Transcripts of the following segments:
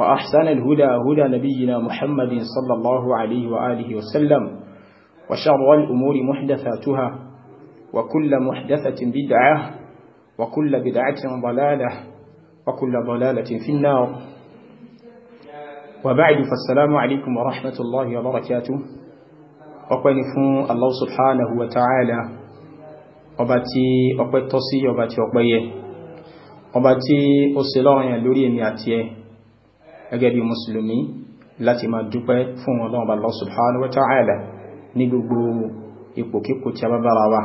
وأحسن الهدى هدى نبينا محمد صلى الله عليه وآله وسلم وشر الأمور محدثاتها وكل محدثة بدعة وكل بدعة ضلالة وكل ضلالة في النار وبعد فالسلام عليكم ورحمة الله وبركاته وقنف الله سبحانه وتعالى وباتي وقتي وباتي وقبيه وباتي أسلام لوري مياتيه gẹ́gẹ́ bí mùsùlùmí láti máa dúpẹ́ fún ọlọ́run bá Allah subhanahu wa ta'ala ní gbogbo ipòkípò tí a bá bára wa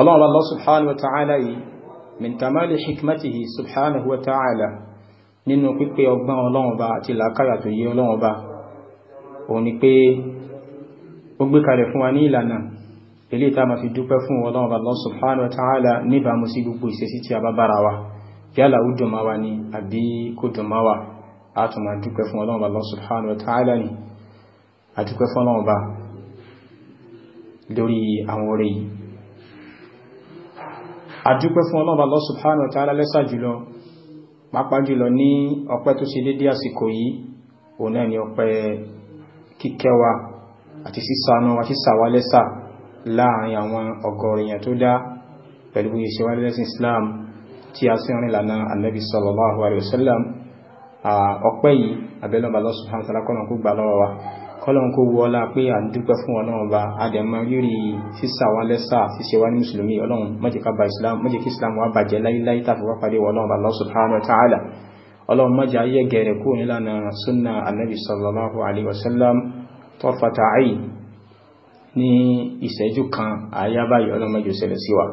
ọlọ́run bá Allah subhanahu wa ta'ala yìí min tamali hikmatihi subhanahu wa ta'ala nínú pípé ọgbọ́n ọlọ́run bá àti làákàyà tó yé ọlọ́run bá ni pé ó gbogbo ìṣesí tí a bá bára wa yálà ó dùn máa wa ni àbí kò dùn máa wa a tún máa dúpẹ́ fún ọlọ́run bá Allah subhanahu wa ta'ala ni a dúpẹ́ fún ọlọ́run bá lórí àwọn orí yìí a dúpẹ́ fún ọlọ́run bá Allah subhanahu wa ta'ala lẹ́sà jùlọ pàápàá jùlọ ní ọpẹ́ tó ṣe dédé àsìkò yìí òun náà ni ọpẹ́ kíkẹ́wa Islam tí a sí orin lànà annabi sallallahu alaihi wasallam ọpẹ́ yìí abẹ́lọ́ba Allah subhanahu wa ta'ala kọ́lọ̀n kó gbà lọ́wọ́ wa kọ́lọ̀n kó wọ́ ọlá pé à ń dúpẹ́ fún ọlọ́run ọba adẹ̀mọ́ yúrí sísà wa lẹ́sà ṣíṣe wa ní mùsùlùmí ọlọ́run mọ́jẹ̀ká bá islam mọ́jẹ̀ islam wa bàjẹ́ láíláí tàfi wá pàdé wọ ọlọ́run Allah subhanahu wa ta'ala ọlọ́run mọ́jẹ̀ ayé gẹ̀rẹ̀ kó nílànà sunna annabi sallallahu alaihi wasallam tọ́fata ayi ní ìṣẹ́jú kan àyábáyọ̀ ọlọ́mọjọ́ ṣẹlẹ̀ sí wa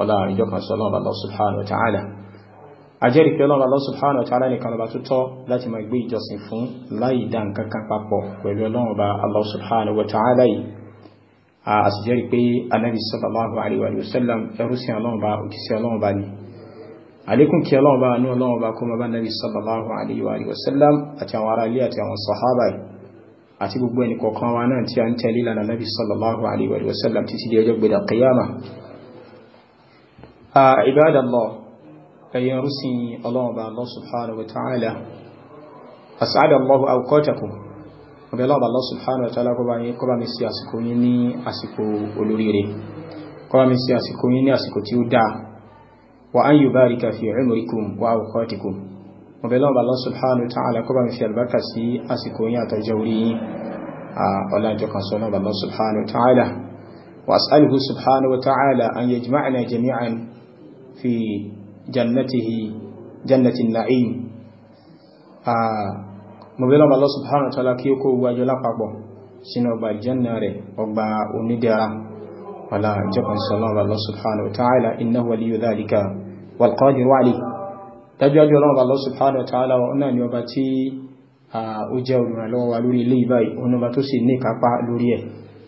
ọlá àríjọ kan sọ lọ́wọ́ Allah subhanahu wa ta'ala ajẹ́rìí pé lọ́wọ́ Allah subhanahu wa ta'ala nìkan ọba tó tọ́ láti máa gbé ìjọsìn fún láì dá nǹkan kan papọ̀ pẹ̀lú ọlọ́wọ́ bá Allah subhanahu wa ta'ala yìí a sì jẹ́rìí pé anabi sallallahu alaihi wa sallam ẹrú sí ọlọ́wọ́ bá òkìsí ọlọ́wọ́ bá ní àlékún kí ọlọ́wọ́ bá nú ọlọ́wọ́ bá kọmọ bá nabi sallallahu alaihi wa sallam àti àwọn ará ilé àti àwọn sahaba àti gbogbo ẹni wa náà tí a ń tẹ̀lé lánàá nabi sallallahu alaihi títí di ọjọ́ gbẹ̀dà qiyama ibadallah ẹ̀yẹn rúsìn ọlọ́run bá Allah subhanahu wa ta'ala as'ada Allahu awqatakum ọbẹ̀ lọ́wọ́ bá Allah subhanahu wa ta'ala kọba mi sí àsìkò yín ní àsìkò olóríire kọba mi sí àsìkò yín ní àsìkò tí ó dáa wa an yubarika fi umrikum wa awqatikum ọbẹ̀ lọ́wọ́ bá Allah subhanahu wa ta'ala kọba mi sí albarka sí àsìkò yín àtọjọ́ orí yín ọlájọ́ kan sọ́nà bá Allah subhanahu wa ta'ala wa as'aluhu subhanahu wa ta'ala an yajma'na jami'an في جنته جنة النعيم mọ̀bílọ́bà Allah subhanahu wa ta'ala kí ó kó gbájọ́ lápapọ̀ sínú ọgbà ìjẹ́nà rẹ̀ ọgbà onídẹ̀ra wàlá jẹ́kùn sọ́lọ́bà Allah subhanahu wa ta'ala innahu waliyyu dhalika wal qadiru alayh dájúwájú ọlọ́bà Allah subhanahu wa ta'ala ọ̀nà ni ọba tí ó jẹ́ olùrànlọ́wọ́ wa lórí ilé ìbáyìí ọ̀nà ọba tó sì ní kápá lórí ẹ̀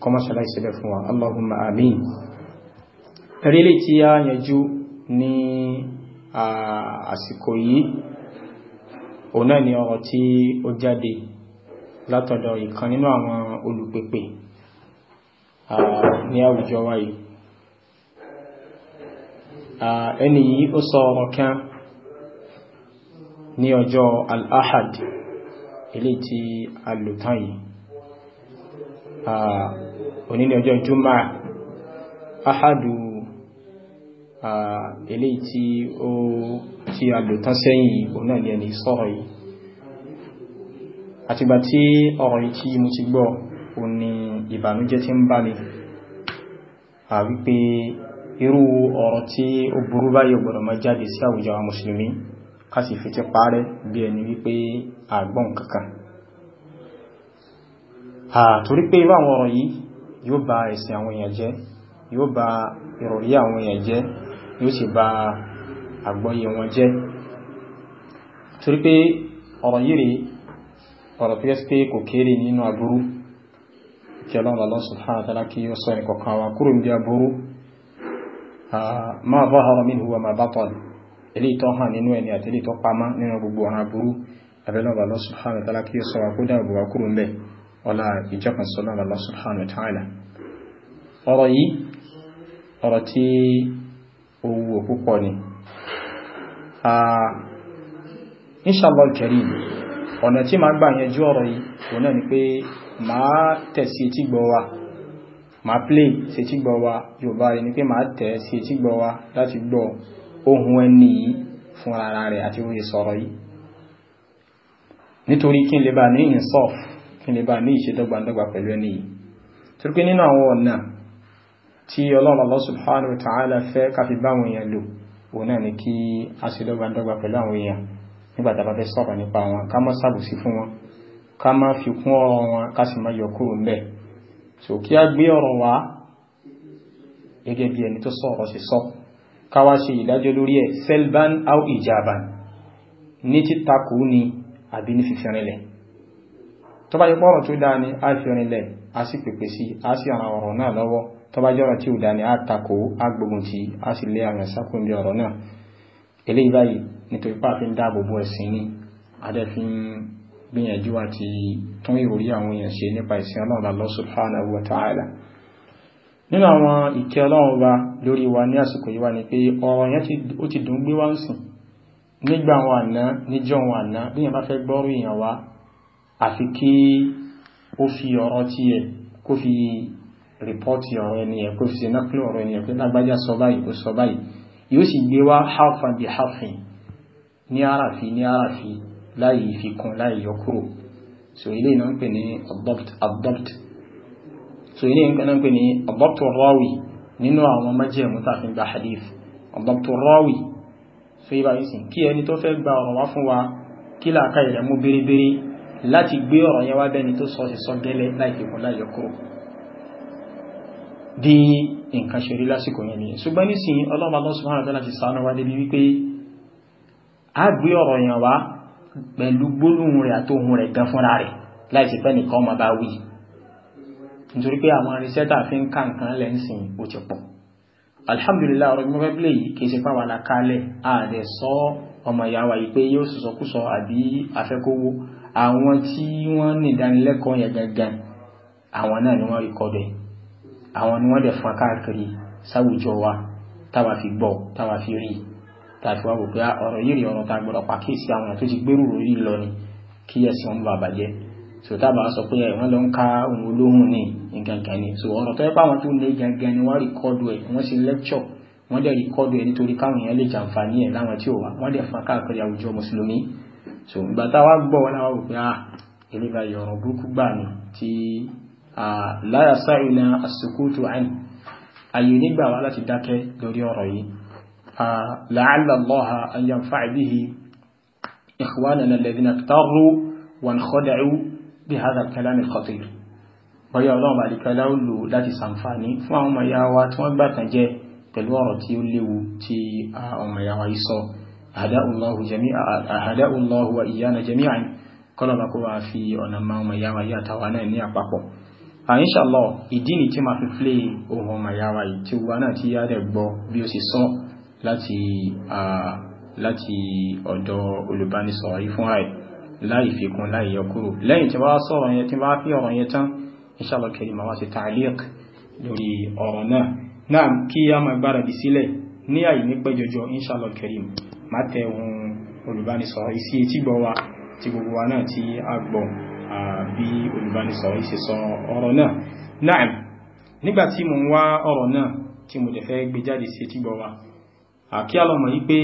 kọmọ́ṣàlá ìṣẹ́lẹ̀ fún wa Allahumma amin ní àsìkò yìí òun náà ni ọ̀rọ̀ tí ó jáde látọ̀dọ̀ ìkan nínú àwọn olùpèpè ní àwùjọ wa yìí ẹni yìí ó sọ ọ̀rọ̀ kan ní ọjọ́ al-ahad ilé tí a lò yìí òní ni ọjọ́ jùmọ́ ahadu eléyìí tí ó tí a lò tán sẹ́yìn òun náà ni ẹni sọ̀rọ̀ yìí àtìgbà tí ọ̀rọ̀ yìí tí mo ti gbọ́ òun ni ìbànújẹ́ tí ń bá mi àwípé irú ọ̀rọ̀ tí ó burú báyìí gbọ́dọ̀ máa jáde sí àwùjọ àwọn mùsùlùmí ká sì fi ti parẹ́ bí ẹni wípé àgbọ̀n kankan torí pé irú àwọn ọ̀rọ̀ yìí yóò ba ẹ̀sìn àwọn èèyàn jẹ́ yóò ba ìròrí àwọn èèyàn jẹ́ yóò sì ba àgbọ́yé wọn jẹ́ torí pé ọ̀rọ̀ yìí rí ọ̀rọ̀ tó yẹ́sí pé kò kéré nínú aburú kí ọlọ́run Allah subhanahu wa ta'ala kí ó sọ wa kúrò ní aburú ma zahara minhu wa ma batala ilé ìtọ́ hàn nínú ẹni àti ilé ìtọ́ pamá nínú gbogbo subhanahu wa ta'ala kí ó sọ wa kó dáàbò wa subhanahu wa ta'ala ọ̀rọ̀ yìí ọ̀rọ̀ tí owuwo púpọ̀ ni inshallah al-karim ọ̀nà tí ma gbà yẹn jú ọ̀rọ̀ yìí òun náà ni pé ma tẹ̀ sí etí gbọ́ wa ma play sí etí gbọ́ wa Yorùbá rẹ̀ ni pé ma tẹ̀ sí etí gbọ́ wa láti gbọ́ ohun ẹni yìí fún ara rẹ̀ àti oye sọ̀rọ̀ yìí nítorí kí n lè bá ní insaf kí n lè bá ní ìṣedọ́gbàndọ́gbà pẹ̀lú ẹni yìí torí tí Allah subhanahu wa ta'ala fẹ́ káfí báwọn èèyàn lò òun náà ni kí a ṣe dọ́gbàdọ́gbà pẹ̀lú àwọn èèyàn nígbà tá a bá fẹ́ sọ̀rọ̀ nípa wọn ká má sàbòsí fún wọn ká má fi kún ọ̀rọ̀ wọn ká sì má yọ kúrò ńbẹ̀ so kí a gbé ọ̀rọ̀ wá gẹ́gẹ́ bí ẹni tó sọ̀rọ̀ sí sọ ká wá ṣe ìdájọ́ lórí ẹ̀ selban au ijaban ní títakù ni àbí ní fífẹ́rinlẹ̀ tó tọ́bájọ́rọ̀ tí ò dá ní àtakò agbógun tí a sì lé àwọn ẹ̀sákùn bí ọ̀rọ̀ náà eléyìí báyìí nítorí pé a fi ń dáàbò bo ẹ̀sìn ni adẹ́ fi ń gbìyànjú àti tún ìròrí àwọn èèyàn ṣe nípa ìsìn ọlọ́run Allah subhanahu wa ta'ala nínú àwọn ìkẹ́ ọlọ́run wa lórí wa ní àsìkò yìí wá ni pé ọ̀rọ̀ yẹn ó ti dùn gbé wá ń sìn nígbà àwọn àná níjọ́ àwọn àná bí yẹn bá fẹ́ gbọ́rú èèyàn wa àfi kí ó fi ọ̀rọ̀ tiẹ̀ kó fi rìpọ́tì ọ̀rọ̀ ẹni ẹ̀ kó fi ṣe náklẹ̀ ọ̀rọ̀ ẹni ẹ̀ pé lágbájá sọ báyìí ó sọ báyìí yóò sì gbé wá harfan bí harfin ní àràfi ní àràfi fi kún láì yọ kúrò so ilé iná ń pè so ilé iná ń pè ní adopt rawi nínú àwọn májẹ̀mú tàfin gba hadith adopt rawi so ibà yìí sìn kí ẹni tó fẹ́ gba ọ̀rọ̀ wá fún wa kí làákà ilẹ̀ mú bérébéré láti gbé ọ̀rọ̀ yẹn wá bẹ́ni tó sọ sí sọ gẹ́lẹ́ láì fi kún láì yọ bí nǹkan ṣe rí lásìkò yẹn nìyẹn ṣùgbọ́n nísìn ọlọ́run Allah subhanahu wa ta'ala ti ṣàánú wa débi wípé a gbé ọ̀rọ̀ yẹn wá pẹ̀lú gbólóhùn rẹ̀ àtóhùn rẹ̀ gan fúnra rẹ̀ láì pẹ́ nìkan àwọn alhamdulillah ọ̀rọ̀ gbọ́n fẹ́ kì í ṣe pàwọn alákálẹ̀ ààrẹ sọ ọmọ ìyá wa yìí pé yóò sọsọkúsọ àbí afẹ́kówó àwọn tí wọ́n nìdánilẹ́kọ̀ọ́ yẹn gangan náà ni wọ́n rí kọ́ bẹ́ẹ̀ àwọn ni wọ́n dẹ̀ fún akáàkiri sáwùjọ wa táwa fi gbọ́ táwa fi rí táwa fi wá wò pé ọ̀rọ̀ yìí rí ọ̀rọ̀ tá a gbọ́dọ̀ pàkíyèsí àwọn tó ti gbérù lórí lọ ni kí ẹ̀sìn wọn bá bàjẹ́ so tábà sọ pé wọ́n lọ ń ká ohun olóhùn ní nǹkankan ni so ọ̀rọ̀ tó yẹ pé àwọn tó lé gangan ni wọ́n rìkọ́dù ẹ̀ wọ́n ṣe lẹ́kṣọ̀ wọ́n dẹ̀ rìkọ́dù ẹ̀ nítorí káwọn so ìgbà táwa gbọ́ wọn láwọn wò pé ah láyà sáìnà àsìkútù àìn ayé nígbà wá láti dákẹ́ lórí ọ̀rọ̀ yìí la'alla Allaha an yanfa'a bihi ikhwanana alladhina ikhtarru wa khada'u bi hadha al-kalam al-khatir bọ́yá ọlọ́run bá dìkà láúlò láti sàǹfàní fún àwọn ọmọ yáwa tí wọ́n gbàtàn jẹ́ pẹ̀lú ọ̀rọ̀ tí ó léwu àpapọ̀ inshallah ìdí ni tí ma fi flé ohun ọmọ yàwá yìí tí wà náà tí yá rẹ̀ gbọ́ bí ó sì sọ láti láti ọ̀dọ̀ olùbánisọ̀rọ̀ yìí fún àì láì fikún láì yọ kúrò lẹ́yìn tí wọ́n sọ̀rọ̀ yẹn tí wọ́n fi ọ̀rọ̀ yẹn tán inshallah kẹrì ma wá sí ta'liq lórí ọ̀rọ̀ náà náà kí a máa gbáradì sílẹ̀ ní àyè ní pẹ́ jọjọ inshallah kẹrì má tẹ ohun olùbánisọ̀rọ̀ yìí sí etí gbọ́ wa ti gbogbo wa náà tí a gbọ́ bí olùbánisọ̀rọ̀ ṣe sọ ọ̀rọ̀ náà náà nígbà tí mo ń wá ọ̀rọ̀ náà tí mo dẹ̀ fẹ́ gbé jáde sí etí gbọ́ wa àkí àlọ́mọ̀ yí pé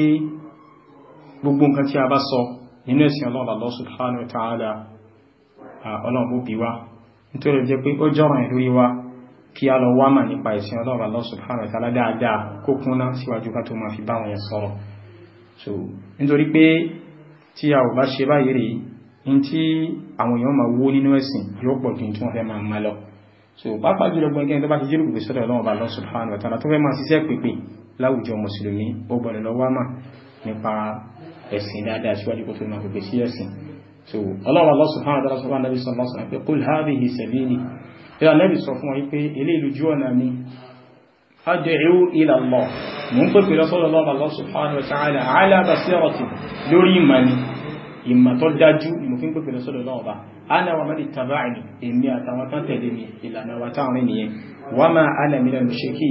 gbogbo nǹkan tí a bá sọ nínú ẹ̀sìn ọlọ́run Allah subhanahu wa ta'ala ọlọ́run bó bí wá nítorí jẹ́ pé ó jọ́ràn ìlúrí wá kí a lọ wá mà nípa ẹ̀sìn ọlọ́run Allah subhanahu wa ta'ala dáadáa kó kúnná síwájú ká tó máa fi báwọn yẹn tí a ò bá ṣe báyìí rèé in tí àwọn èèyàn máa wó nínú ẹ̀sìn yóò pọ̀ jù tí wọ́n fẹ́ máa má lọ so pàápàá jùlọ gbọ́n gẹ́gẹ́ tó bá ti jírù pèpè sọ́dọ̀ ọlọ́run ọba lọ subhanahu wa ta'ala tó fẹ́ máa ṣiṣẹ́ pèpè láwùjọ mùsùlùmí ó gbọ́dọ̀ lọ wá mà nípa ẹ̀sìn dáadáa síwájú kó tó máa pèpè sí ẹ̀sìn so ọlọ́run ọba subhanahu wa ta'ala sọ fún anábì sọ lọ́sàn ìmọ̀tọ́ dájú ìmọ̀fín pẹ̀pẹ̀ lọ sọ́dọ̀ lọ́wọ́ bá ana wa mani taba'ini èmi àtàwọn tán tẹ̀lé mi ìlànà wa táwọn rìn nìyẹn wa ma ana mina mushiki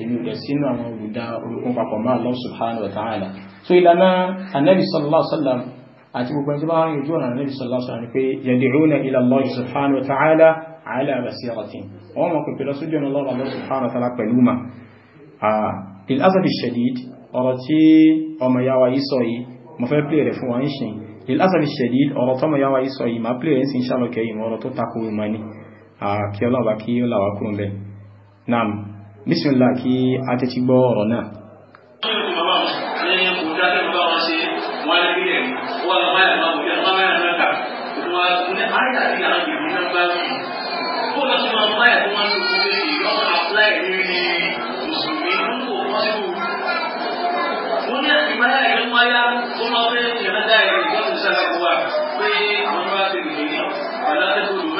èmi ò dẹ̀ sínú àwọn olùdá olùkún papọ̀ mọ́ Allah subhanahu wa ta'ala so ìlànà anabi sallallahu alaihi wasallam àti gbogbo ẹni tó bá rìn ojú ọ̀nà anabi sallallahu alaihi wasallam ni pé yad'una ila Allah subhanahu wa ta'ala ala basiratin ọ̀rọ̀ tí ọmọ yàwá yìí sọ yìí mo fẹ́ fún wa ń ṣìn lil'asabi shadid ọ̀rọ̀ tọ́mọ yàwá yìí sọ yìí máa pílẹ̀ ẹ̀sìn ṣàlọ́kẹ́ yìí ọ̀rọ̀ tó takò ìmọ̀ ni kí ọlọ́ọ̀bá kí ó làwákùn bẹ́ẹ̀ naam bismillah kí a tẹ́tí gbọ́ ọ̀rọ̀ náà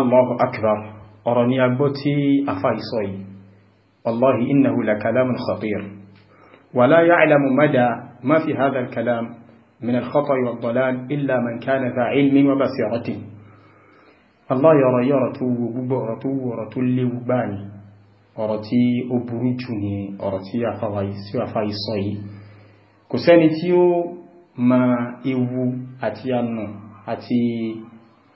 Allahu akbar ọ̀rọ̀ ni a gbọ́ tí afá ìsọ yìí wallahi innahu la kalamun khatir wa la ya'lamu mada ma fi hadha al-kalam min al-khata'i wad-dalal illa man kana dha ilmin wa basiratin Allah yọ̀rọ̀ yọ̀rọ̀ tó wo gbogbo ọ̀rọ̀ tó wo ọ̀rọ̀ ni ọ̀rọ̀ tí ó burú jù ní ọ̀rọ̀ tí àfà ìsọ yìí kò sẹ́ni tí ó ma ewu àti ànà àti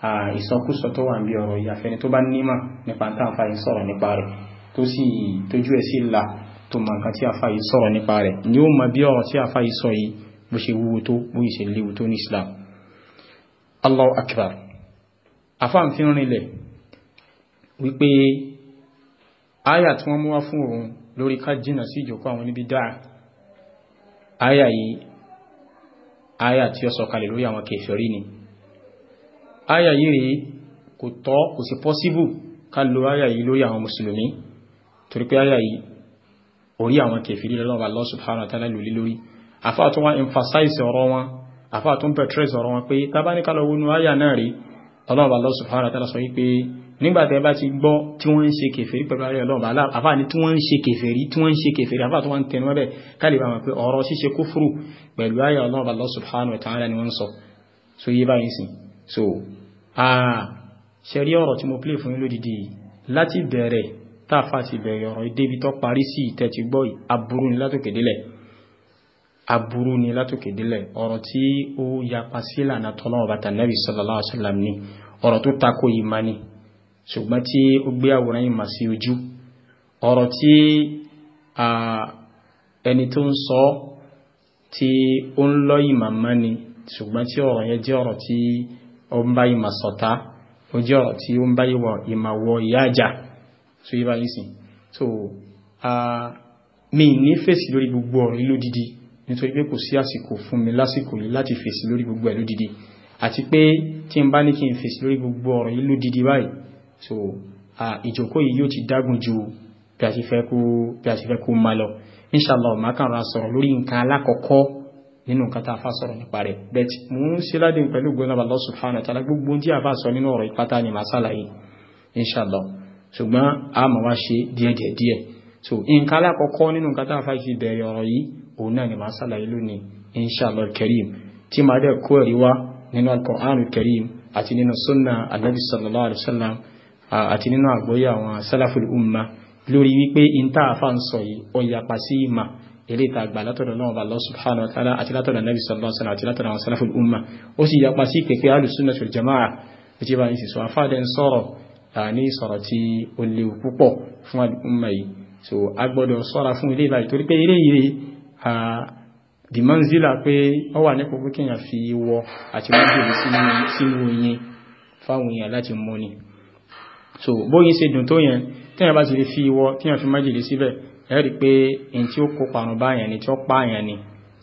ìsọkúsọ tó wà ń bí ọ̀rọ̀ ìyàfẹ́ni tó bá nímà nípa tá àfà yìí sọ̀rọ̀ nípa rẹ̀ tó sì tójú ẹ̀ sí là tó mọ nǹkan tí àfà yìí sọ̀rọ̀ nípa rẹ̀ ni ó mọ bí ọ̀rọ̀ tí àfà yìí sọ yìí bó ṣe wúwo tó bó ṣe léwu tó ní Islam Allahu akbar àfà ń fi rinlẹ̀ wípé àyà tí wọ́n mú wá fún òun lórí ká jìnà sí ìjòkó àwọn níbi dáa àyà yìí àyà tí ó sọ̀kalẹ̀ lórí àwọn kèfèrí ni áyà yìí rí kò tọ́ kò sí pọ́síbù ká lo áyà yìí lórí àwọn mùsùlùmí torí pé áyà yìí orí àwọn kèfèrí lọ́wọ́ Allah subhanahu wa ta'ala lórí lórí àfáà emphasize ọ̀rọ̀ wọn àfáà tó ń bẹ̀trẹ́sì ọ̀rọ̀ wọn pé tábánikálọ̀ Allah subhanahu wa ta'ala sọ wípé nígbàtí ẹ bá ti gbọ́ tí wọ́n ń ṣe kèfèrí pẹ̀lú ayé ọlọ́ọ̀bá àfáà ní tí wọ́n ń ṣe kèfèrí tí wọ́n ń ṣe kèfèrí àfáà tó wọ́n tẹnu ẹbẹ̀ kálíbà wọn pé ọ̀rọ̀ ṣíṣe kúfúrù pẹ̀lú ayé ọlọ́ọ̀bá Allah subhanahu wa ta'ala ni wọ́n so yé báyìí so ṣẹ̀rí ọ̀rọ̀ tí mo plé fún yín lódìdí láti bẹ̀rẹ̀ táàfà ti bẹ̀rẹ̀ ọ̀rọ̀ débi tó parí sí ìtẹ́ ti gbọ́ aburú ni látòkè délẹ̀ aburú ni látòkè délẹ̀ ọ̀rọ̀ tí ó yapa sí ìlànà tọ́lọ́wọ́ bàtà nẹ́bí sallallahu alaihi wasallam ni ọ̀rọ̀ tó tako ìmá ni ṣùgbọ́n tí ọ̀rọ̀ tí jẹ́ ọ̀rọ̀ tí ó ń bá ìmà sọ̀tá ó jẹ́ ọ̀rọ̀ tí ó ń bá ìmà wọ ìyá àjà tó so mi ni fèsì lori gbogbo ọ̀rọ̀ lódìdí nítorí pé kò sí àsìkò fún mi lásìkò yìí láti fèsì lórí gbogbo ẹ̀ e lódìdí àti pé tí n bá ní kí n fèsì lórí gbogbo ọ̀rọ̀ yìí lódìdí báyìí so ìjókòó yìí yóò ti dágùn ju bí a ti fẹ́ kó máa lọ inshallah màá kàn ra sọ̀rọ̀ lórí nǹkan alákọ̀ọ́kọ́ nínú nǹkan tá a fa sọ̀rọ̀ nípa rẹ̀ bẹ́ẹ̀ mò ń ṣe ládé pẹ̀lú gbọ́nàbà Allah subhanahu wa ta'ala gbogbo tí a bá sọ nínú ọ̀rọ̀ ìpátá ni màá ṣàlàyé inshallah ṣùgbọ́n a máa wá ṣe díẹ̀díẹ̀ díẹ̀ so nǹkan alákọ̀ọ́kọ́ nínú nǹkan tá a fa fi bẹ̀rẹ̀ ọ̀rọ̀ yìí òun náà ni màá ṣàlàyé lónìí inshallah kareem tí màá dẹ̀ kó ẹ̀rí wá nínú al-Qur'an kareem àti nínú sunna anabi sallallahu alayhi wa sallam ilé ìta àgbà látọ̀dọ̀ náà bá Allah subhanahu wa ta'ala àti látọ̀dọ̀ nabi sallallahu alaihi wasallam àti látọ̀dọ̀ àwọn salaful umma ó sì yapa sí ìpèpè alùsùnà fil jama'a àti bá yìí sọ afáàdẹ́ ń sọ̀rọ̀ ní sọ̀rọ̀ tí ó léwu púpọ̀ fún umma yìí so a gbọ́dọ̀ sọ́ra fún ilé ìbáyìí torí pé ilé yìí di manzila pé ó wà nípò dùn tó yẹn téèyàn bá ti lè fi wọ téèyàn fi májèlé síbẹ̀ ẹ̀rí pé ẹni tí ó kó parun báyẹn ni tí ó pààyàn ni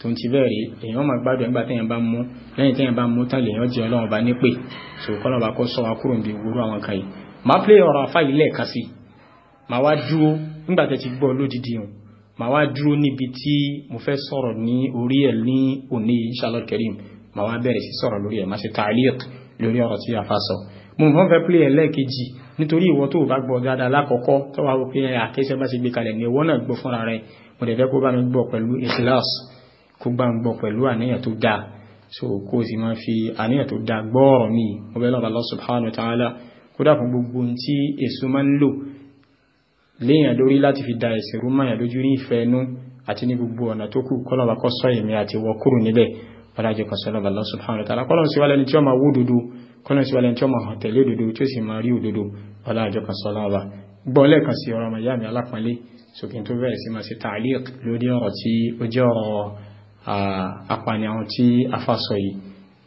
tó ń ti bẹ́ẹ̀ rí èèyàn máa gbádùn ẹgbà téèyàn bá mú lẹ́yìn téèyàn bá mú tán lèèyàn jẹ́ ọlọ́run bá nípè tó kọ́lọ́ bá kọ́ sọ wa kúrò níbi ìwúrú àwọn kan yìí máa pé ọ̀rọ̀ afá yìí lẹ́ẹ̀ka sí máa wá dúró nígbà tẹ́ ti gbọ́ lódìdí hàn máa wá dúró níbi tí mo fẹ́ sọ̀rọ̀ ní orí ẹ̀ ní òní inshallah karim máa wá bẹ̀rẹ̀ sí sọ̀rọ̀ lórí ẹ̀ máa ṣe ta'liq lórí ọ̀rọ̀ tí afá sọ mo mọ̀ fẹ́ play ẹlẹ́ẹ̀kejì nítorí ìwọ tó bá gbọ́ dáadáa lákọ̀ọ́kọ́ tó wà wípé àkẹ́sẹ́ bá ti gbé kalẹ̀ ní ìwọ náà gbọ́ fúnra rẹ̀ mo dẹ̀ fẹ́ kó bá mi gbọ́ pẹ̀lú ikhlas kó bá mi gbọ́ pẹ̀lú àníyàn tó dáa so kó o sì máa fi àníyàn tó dáa gbọ́ mi mo bẹ̀ lọ́ba Allah subhanahu wa ta'ala kó dàpọ̀ gbogbo ohun tí èso máa ń lò léèyàn lórí láti fi da ẹ̀sìn rú máyà lójú ní ìfẹ́ inú àti ní gbogbo ọ̀nà tó kù kọ́lọ́ba kọ́ sọ èmi àti wọ kúrò níbẹ̀ wọ́n dájú kan sọ́lọ́ba Allah subhanahu wa ta'ala kọ́lọ́ sí wálẹ́ni tí wọ́n máa wó dodo kọ́nà sí wàlẹ̀ tí ó máa tẹ̀lé òdodo tí ó sì máa rí òdodo ọlá àjọ kan sọ láwà gbọ́ lẹ́ẹ̀kan sí ọ̀rọ̀ màyá mi alápọ̀nlé sókè tó bẹ̀rẹ̀ sí máa ṣe tààlíq lórí ọ̀rọ̀ tí ó jẹ́ ọ̀rọ̀ apani àwọn tí a fà sọ yìí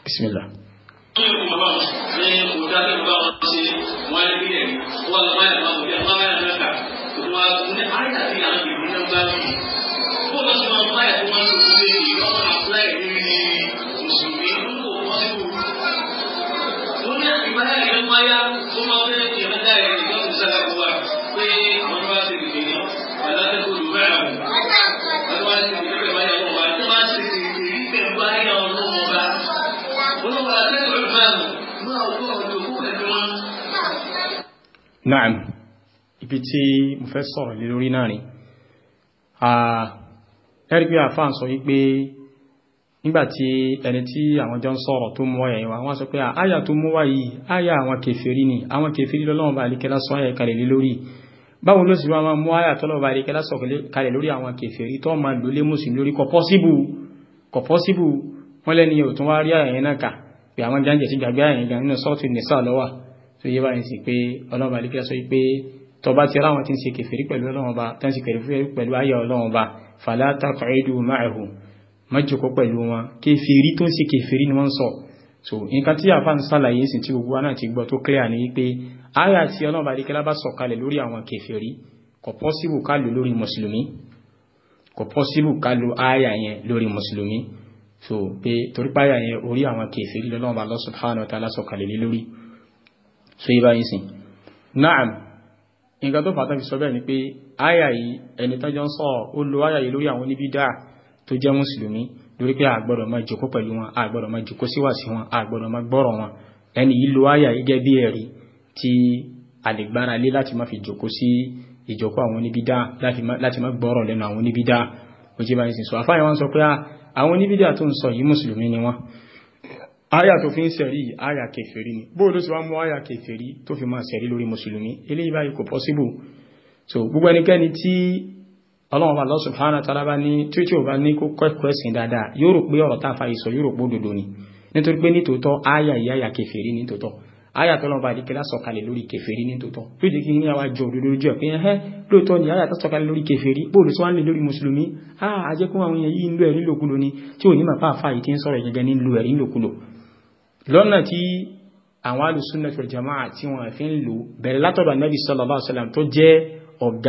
bisimilá. wọ́n ní máa yá ó máa fẹ́ ìrántá ìrìn náà ti sára kó wa pé àwọn bá ti rìn lọ àlátẹ́kọ̀ọ́ ló bá rà wọ́n bá ti rìn lọ́kẹ̀ bá yà wọ́n bá tó bá ti rìn èyí tẹ̀ ń bá yà wọn ló wọn bá olówó àtẹ́kọ̀ọ́ bá nù máa wọ́ ọ̀dọ̀ kó pẹ̀lú wọn. Naam, ibi tí mo fẹ́ sọ̀rọ̀ lé lórí náà ni, ah, ẹ̀rí pé àfáà sọ wípé nígbàtí ẹni tí àwọn jọ ń sọ̀rọ̀ tó mú ọ̀yà ìwà wọ́n sọ pé àyà tó mú wá yìí àyà àwọn kèfèrí ni àwọn kèfèrí lọ́lọ́wọ́n bá àríkẹ́lá sọ àyà kalẹ̀ lé lórí báwo ló sì wá máa mú àyà tọ́lọ́wọ́ bá àríkẹ́lá sọ kalẹ̀ lórí àwọn kèfèrí tó máa lò lé mùsùlùmí lórí kò pọ́síbù kò pọ́síbù wọ́n lẹ́ni ò tún wá rí àyà yẹn náà kà pé àwọn jáǹjẹ̀ sí gbàgbé àyà yẹn gan nínú sọ́ọ̀tù nìsà lọ́wà tó yé báyìí sí pé ọlọ́wọ́ bá àríkẹ́lá sọ pé tọba ti ráwọn tí ń ṣe kèfèrí pẹ̀lú ọlọ́wọ́n bá tí ń ṣe kèfèrí pẹ̀lú àyà ọlọ́wọ́n bá fàlátà kọ̀ẹ́dù máàhùn májòkó pẹ̀lú wọn kèfèrí tó ń ṣe kèfèrí ni wọ́n sọ so nǹkan tí àfa ń sàlàyé sí tí gbogbo náà ti gbọ́ tó clear ni wípé àyà tí ọlọ́ọ̀bá adékẹ́lá bá sọ̀kalẹ̀ lórí àwọn kèfèrí kò pọ́síbù ká lò lórí mùsùlùmí kò pọ́síbù ká lò àyà yẹn lórí mùsùlùmí so pé torí páyà yẹn orí àwọn kèfèrí lọ́lọ́ọ̀bá Allah subhanahu wa ta'ala sọ̀kalẹ̀ lé lórí so yí báyìí sìn naam nǹkan tó fàtàfi sọ bẹ́ẹ̀ ni pé àyà yìí ẹni tọ́jọ́ ń sọ ó lo àyà yìí lórí àwọn oníbídà tó jẹ́ mùsùlùmí lórí pé àgbọ̀dọ̀ máa jòkó pẹ̀lú wọn àgbọ̀dọ̀ máa jòkó síwàsí wọn àgbọ̀dọ̀ máa gbọ́rọ̀ wọn ẹni yìí lo àyà yìí gẹ́gẹ́ bí ẹ̀rí tí àlègbára lé láti má fi jòkó sí ìjòkó àwọn oníbídá láti má gbọ́rọ̀ lẹ́nu àwọn oníbídá ojú bá ń sìn sọ àfáà wọn sọ pé ah, àwọn oníbídá tó ń sọ yìí mùsùlùmí ni wọn àyà tó fi ń sẹ̀rí àyà kèfèrí ni bóòdó sì wá mú àyà kèfèrí tó fi máa sẹ̀rí lórí mùsùlùmí eléyìí báyìí kò pọ́síbù so gbogbo ẹnikẹ́ni tí ọlọ́run Allah subhanahu wa ta'ala bá ní tí ó bá ní kó kẹ́kọ̀ọ́ ẹ̀sìn dáadáa yóò rò pé ọ̀rọ̀ tá a fa ìsọ yóò rò pé òdodo ni nítorí pé nítòótọ́ àyà ìyáyà kèfèrí nítòótọ́ àyà tó lọ́ba àdìkẹ́ lásọ̀kalẹ̀ lórí kèfèrí nítòótọ́ tó jẹ́ kí ní àwa jọ òdodo jọ pé ẹ̀hẹ́ lóòótọ́ ni àyà tó sọ̀kalẹ̀ lórí kèfèrí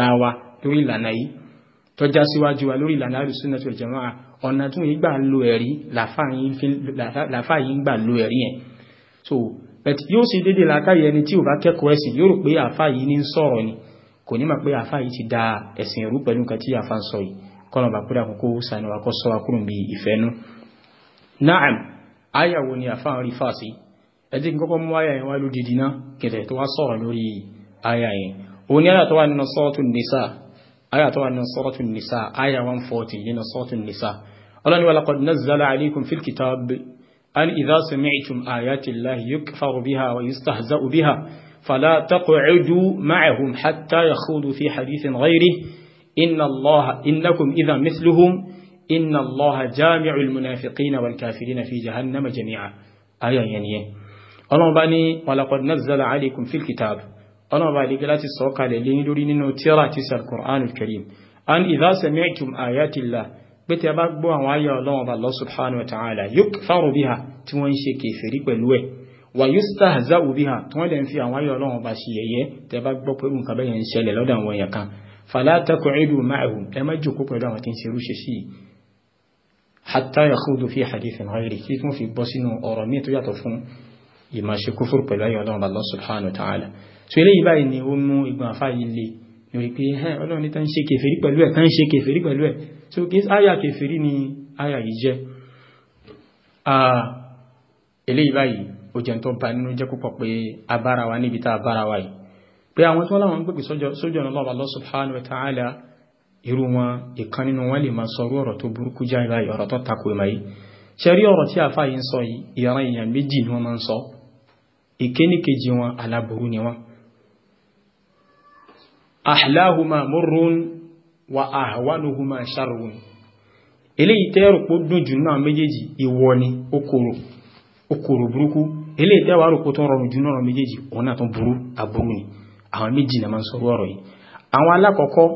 bóòlù tó lórí tó já síwájú wa lórí ìlànà àlùsùnnà wal jamaa ọ̀nà tó yìí gbà lo ẹ̀rí làfà yìí gbà lo ẹ̀rí yẹn so bẹ̀tì yóò sì dédé làákàyè ẹni tí ò bá kẹ́kọ̀ọ́ ẹ̀sìn yóò rò pé àfà yìí ní sọ̀rọ̀ ni kò ní mọ̀ pé àfà yìí ti da ẹ̀sìn rú pẹ̀lú nǹkan tí àfà ń sọ yìí kọ́nà bá kúrò àkókò sànù akọ́ sọ akúrò bí ìfẹ́ nú. naam ayàwó ni àfà ń rí fàṣì ẹ jẹ́ kí n kọ́kọ́ mú ayà yẹn wá lódìdí ná kẹ̀tẹ̀ tó wá sọ̀rọ̀ lórí ayà yẹn òun ni ayà tó wà nínú sọ́ọ̀tù nìsáà آية من صورة النساء آية 140 هنا صورة النساء قالوا ولقد نزل عليكم في الكتاب أن إذا سمعتم آيات الله يكفر بها ويستهزأ بها فلا تقعدوا معهم حتى يخوضوا في حديث غيره إن الله إنكم إذا مثلهم إن الله جامع المنافقين والكافرين في جهنم جميعا آية ينيه قالوا بني ولقد نزل عليكم في الكتاب ọlọ́ọ̀bá ìdíkẹ́ láti sọ̀kalẹ̀ lé lórí nínú tíra ti sàlkùránù karim an idha sami'tum ayatillah pé tí a bá gbọ́ àwọn ayé ọlọ́ọ̀bá Allah subhanahu wa ta'ala yukfaru biha tí wọ́n ń ṣe kèfèrí pẹ̀lú ẹ̀ wa yustahza'u biha tí wọ́n lè fi àwọn ayé ọlọ́ọ̀bá ṣe yẹ̀yẹ́ tí a bá gbọ́ pé nǹkan bẹ́ẹ̀ ń ṣẹlẹ̀ lọ́dọ̀ àwọn èèyàn kan fala taq'udu ma'ahum ẹ má jòkó pẹ̀lú àwọn tí ń ṣerú ṣe sí hatta yakhudu fi hadithin ghayri kí wọ́n fi bọ́ sínú ọ̀rọ̀ míì tó yàtọ̀ fún ìmọ̀ ṣe kúfùrù pẹ̀lú ayé ọlọ́ọ̀bá Allah subhanahu wa ta'ala so eléyìí báyìí ni ó mú ìgbọ̀n àfá yìí le ní orí pé ẹ̀ ọlọ́run ní tán ṣe kèfèrí pẹ̀lú ẹ̀ tán ṣe kèfèrí pẹ̀lú ẹ̀ so kí áyà kèfèrí ni áyà yìí jẹ́ eléyìí báyìí ó jẹ́ tó bá nínú jẹ́ púpọ̀ pé abára wa níbi tá abára wa yìí pé Allah subhanahu wa ta'ala irú wọn ìkan nínú wọn lè máa sọ orú ọ̀rọ̀ tó burúkú jáì báyìí ọ̀rọ̀ tó takò ìmọ̀ yìí ṣe rí tí àfáà yìí ń sọ ìran èèyàn méjì ni wọ́n máa ń sọ ìkéníkejì wọn aláburú ni wọ́n ahlahuma murrun wa ahwanuhuma sharrun eléyìí tẹ́rù kó dùn jù náà méjèèjì ìwọ ni okòrò okòrò burúkú eléyìí tẹ́wà rò kó tó rọrùn jù náà méjèèjì òun náà tó burú aburú ni àwọn méjì náà máa ń sọ ọ̀rọ̀ yìí àwọn alákọ̀ọ́kọ́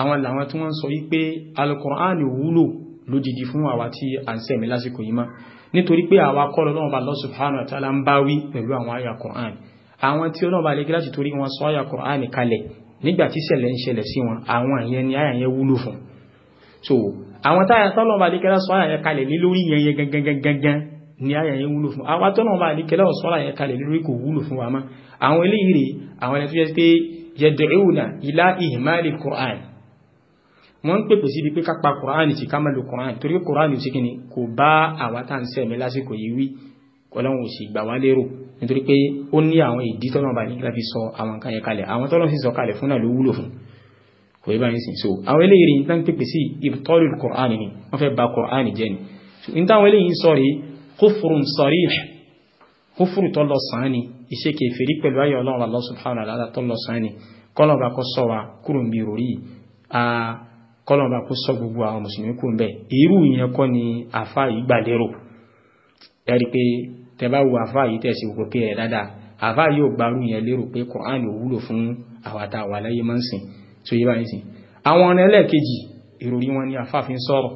àwọn làwọn tí wọ́n ń sọ yí pé alukur'an wúlò lódìdí fún àwa tí à ń nítorí pé àwa kọ́ lọ́wọ́ bá Allah subhanahu ń bá pẹ̀lú àwọn àyà Qur'an àwọn tí ọlọ́wọ́ bá lè gíláàsì torí wọn sọ àyà Qur'an kalẹ̀ nígbà tí ṣẹlẹ̀ ń ṣẹlẹ̀ sí wọn àwọn àyẹn ni àyà wúlò fún so àwọn táyà tọ́lọ́mọ àdékẹ́lá sọ àyà yẹn kalẹ̀ lé lórí yẹn yẹn gangan gangan ni àyà yẹn wúlò fún àwọn tọ́lọ́mọ àdékẹ́lá sọ àyà yẹn kalẹ̀ lórí kò wúlò fún wa àwọn eléyìí àwọn ẹni tó yẹ pé yẹdẹ̀ẹ́wùnà ilá ìhìmáàlì Qur'an wọ́n ń pèpè síbi pé ká pa Qur'an ti ká má lo Qur'an torí Qur'an ò sí kíni kò bá àwọn tá à lásìkò yìí wí kọlọ́hún ò sì gbà wá lérò nítorí pé ó ní àwọn ìdí tọ́lọ́ bá nígbà fi sọ àwọn nǹkan yẹn kalẹ̀ àwọn tọ́lọ́ sì sọ kalẹ̀ fún náà ló wúlò fún kò yẹ báyìí sìn so àwọn eléyìí rí nítorí pèpè sí ìbùtọ́lù kọ̀ọ̀án ni wọ́n fẹ́ ba kọ̀ọ̀án jẹ́ ni nítorí àwọn eléyìí sọ rí kófùrùn sọrí kófùrù tọ́lọ̀ sàn ni iṣẹ́ kẹfẹ́rí pẹ̀lú ayé ọlọ́run Allah subhanahu wa ta'ala tọ́lọ̀ sàn ni kọ́lọ́ba kó sọ wa kúrò ń bi rò rí kọ́lọ́ba kó sọ gbogbo àwọn mùsùlùmí kúrò ń irú ìyẹn kọ́ ni àfa ìgbàlérò ẹ̀rí pé tẹ́bá wo àfáà yìí tẹ̀sí òkò pé ẹ̀ dáadáa àfáà yóò gbarú yẹn lérò pé Quran ò wúlò fún àwàtà wà láyé máa ń sìn tó yé báyìí sìn àwọn ọ̀nà ẹlẹ́ẹ̀kejì ìròrí wọn ni àfáà fi ń sọ̀rọ̀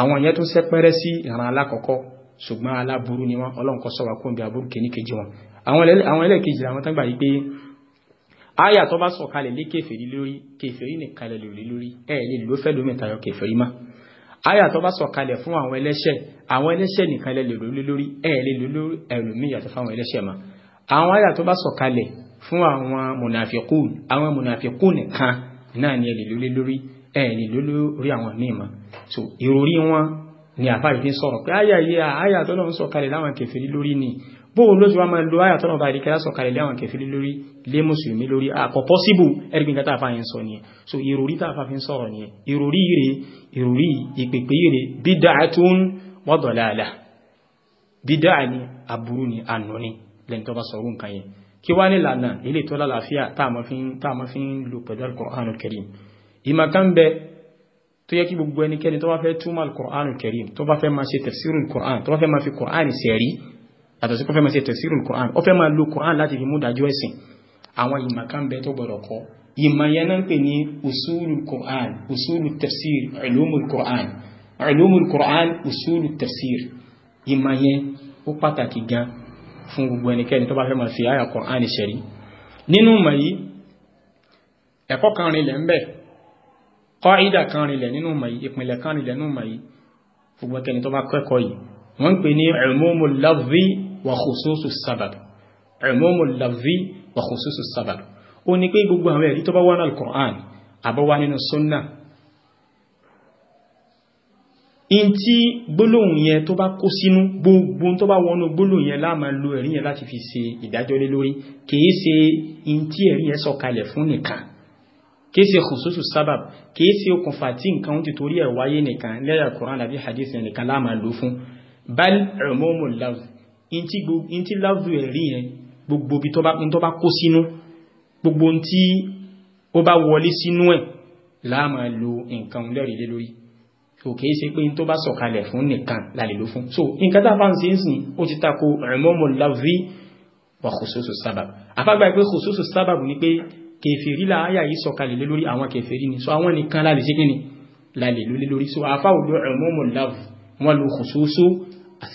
àwọn yẹn tó sẹ́pẹ́rẹ́ sí ìran alákọ̀ọ́kọ́ ṣùgbọ́n aláburú ni wọn Ọlọ́run kó ṣọ́ wa kóńbi aburú kìíní kejì wọn àwọn ẹlẹ́ẹ̀kejì làwọn tán gbà yí pé àyà tó bá sọ kalẹ̀ lé kèfèrí lórí kèfèrí nìkan lè lórí ẹ̀ lè lò lómi tayọ kèfèrí mọ́ àyà tó bá sọ kalẹ̀ fún àwọn ẹlẹ́ṣẹ̀ àwọn ẹlẹ́ṣẹ̀ nìkan lè lò lórí ẹ̀ lè lò lórí ẹlòmíì yàtọ̀ fáwọn ẹlẹ́ṣẹ̀ mà àwọn àyà tó bá sọ̀kalẹ̀ fún àwọn mùnàfikún àwọn mùnàfikún nìkan náà ni ẹ lè lò lórí ẹ̀ lè lò lórí àwọn míì mà so ìròrí wọn ni àfáàrí fi sọ̀rọ̀ pé àyà yìí àyà tó lọ́n sọ̀kalẹ̀ láwọn kèfèrí lórí ni bóò lójú wa máa lo àyà tó lọ́n bá rí kẹ́lá sọ̀kalẹ̀ láwọn kèfèrí lórí lé mùsùlùmí lórí àkọ́ pọ́síbù ẹ̀rìgbìn kátà àfáà yẹn sọ nìyẹn so ìròrí tá àfáà fi ń sọ̀rọ̀ nìyẹn ìròrí rè ìròrí ìpèpè rè bídà tún wa dalala bídá ni aburú ni ànú ni lẹ́yìn tó bá sọ̀rọ̀ nǹkan yẹn kí wá ní lànà ilé tó lálàáfíà táàmà fi ń lò pẹ̀lú al-Qur'anul Karim ìmọ̀kan bẹ tó yẹ kí gbogbo ẹnikẹ́ni tó bá fẹ́ túmọ̀ al-Qur'anul Karim tó bá fẹ́ máa ṣe tafsirul Qur'an tó bá fẹ́ máa fi Qur'an sẹ̀rí àtọ̀ sí kó ìmọ̀ yẹn náà pè ní usulul Qur'an usulul tafsir ulumul Qur'an ulumul Qur'an usulu tafsir ìmọ̀ yẹn ó pàtàkì gan fún gbogbo ẹnikẹ́ni tó bá fẹ́ máa fi àyà Qur'an ṣẹ̀rí nínú ìmọ̀ yìí ẹ̀kọ́ kan rinlẹ̀ ń bẹ qaida kan rinlẹ̀ nínú ìmọ̀ yìí ìpìnlẹ̀ kan rinlẹ̀ nínú ìmọ̀ yìí gbogbo ẹnikẹ́ni tó bá kẹ́kọ̀ọ́ yìí wọ́n ń pè ní umumul lafzi wa khususus sabab umumul lafzi wa khususus sabab ó ní pé gbogbo àwọn ẹ̀rí tó bá wà ní al-Qur'an àbọ̀wá nínú sunnah in tí gbólóhùn yẹn tó bá kó sínú gbogbo tó bá wọnú gbólóhùn yẹn la máa lo ẹ̀rí yẹn láti fi ṣe ìdájọ́ lé lórí kìí ṣe in tí ẹ̀rí yẹn sọ̀kalẹ̀ fún nìkan kìí ṣe khususu sábàb kìí ṣe okùnfà tí nǹkan ti torí ẹ̀ wáyé nìkan lẹ́yà Qur'an àbí hadith nìkan la máa fún bal umumul lafz in tí láwùzù ẹ̀rí yẹn gbogbo bí tó bá kó sínú gbogbo tí ó bá wọlé sínú ẹ̀ la máa lo nǹkan lẹ́rìí lé lórí so kìí ṣe pé tó bá sọ̀kalẹ̀ fún nìkan lálẹ́ fún so nǹkan tá a fáwọn sín sìn ó ti tako ẹ̀mọ́mọ́ láwùrí wà kòsóso sábàb àfàgbà pé kòsóso sábàb ni pé kèfèrí la àyà yìí sọ̀kalẹ̀ lé lórí àwọn kèfèrí ni so àwọn nìkan lálẹ́ ṣe kíni lálẹ́ lólé lórí so àfàwọn lo ẹ̀mọ́mọ́ láwù wọn lo kòsóso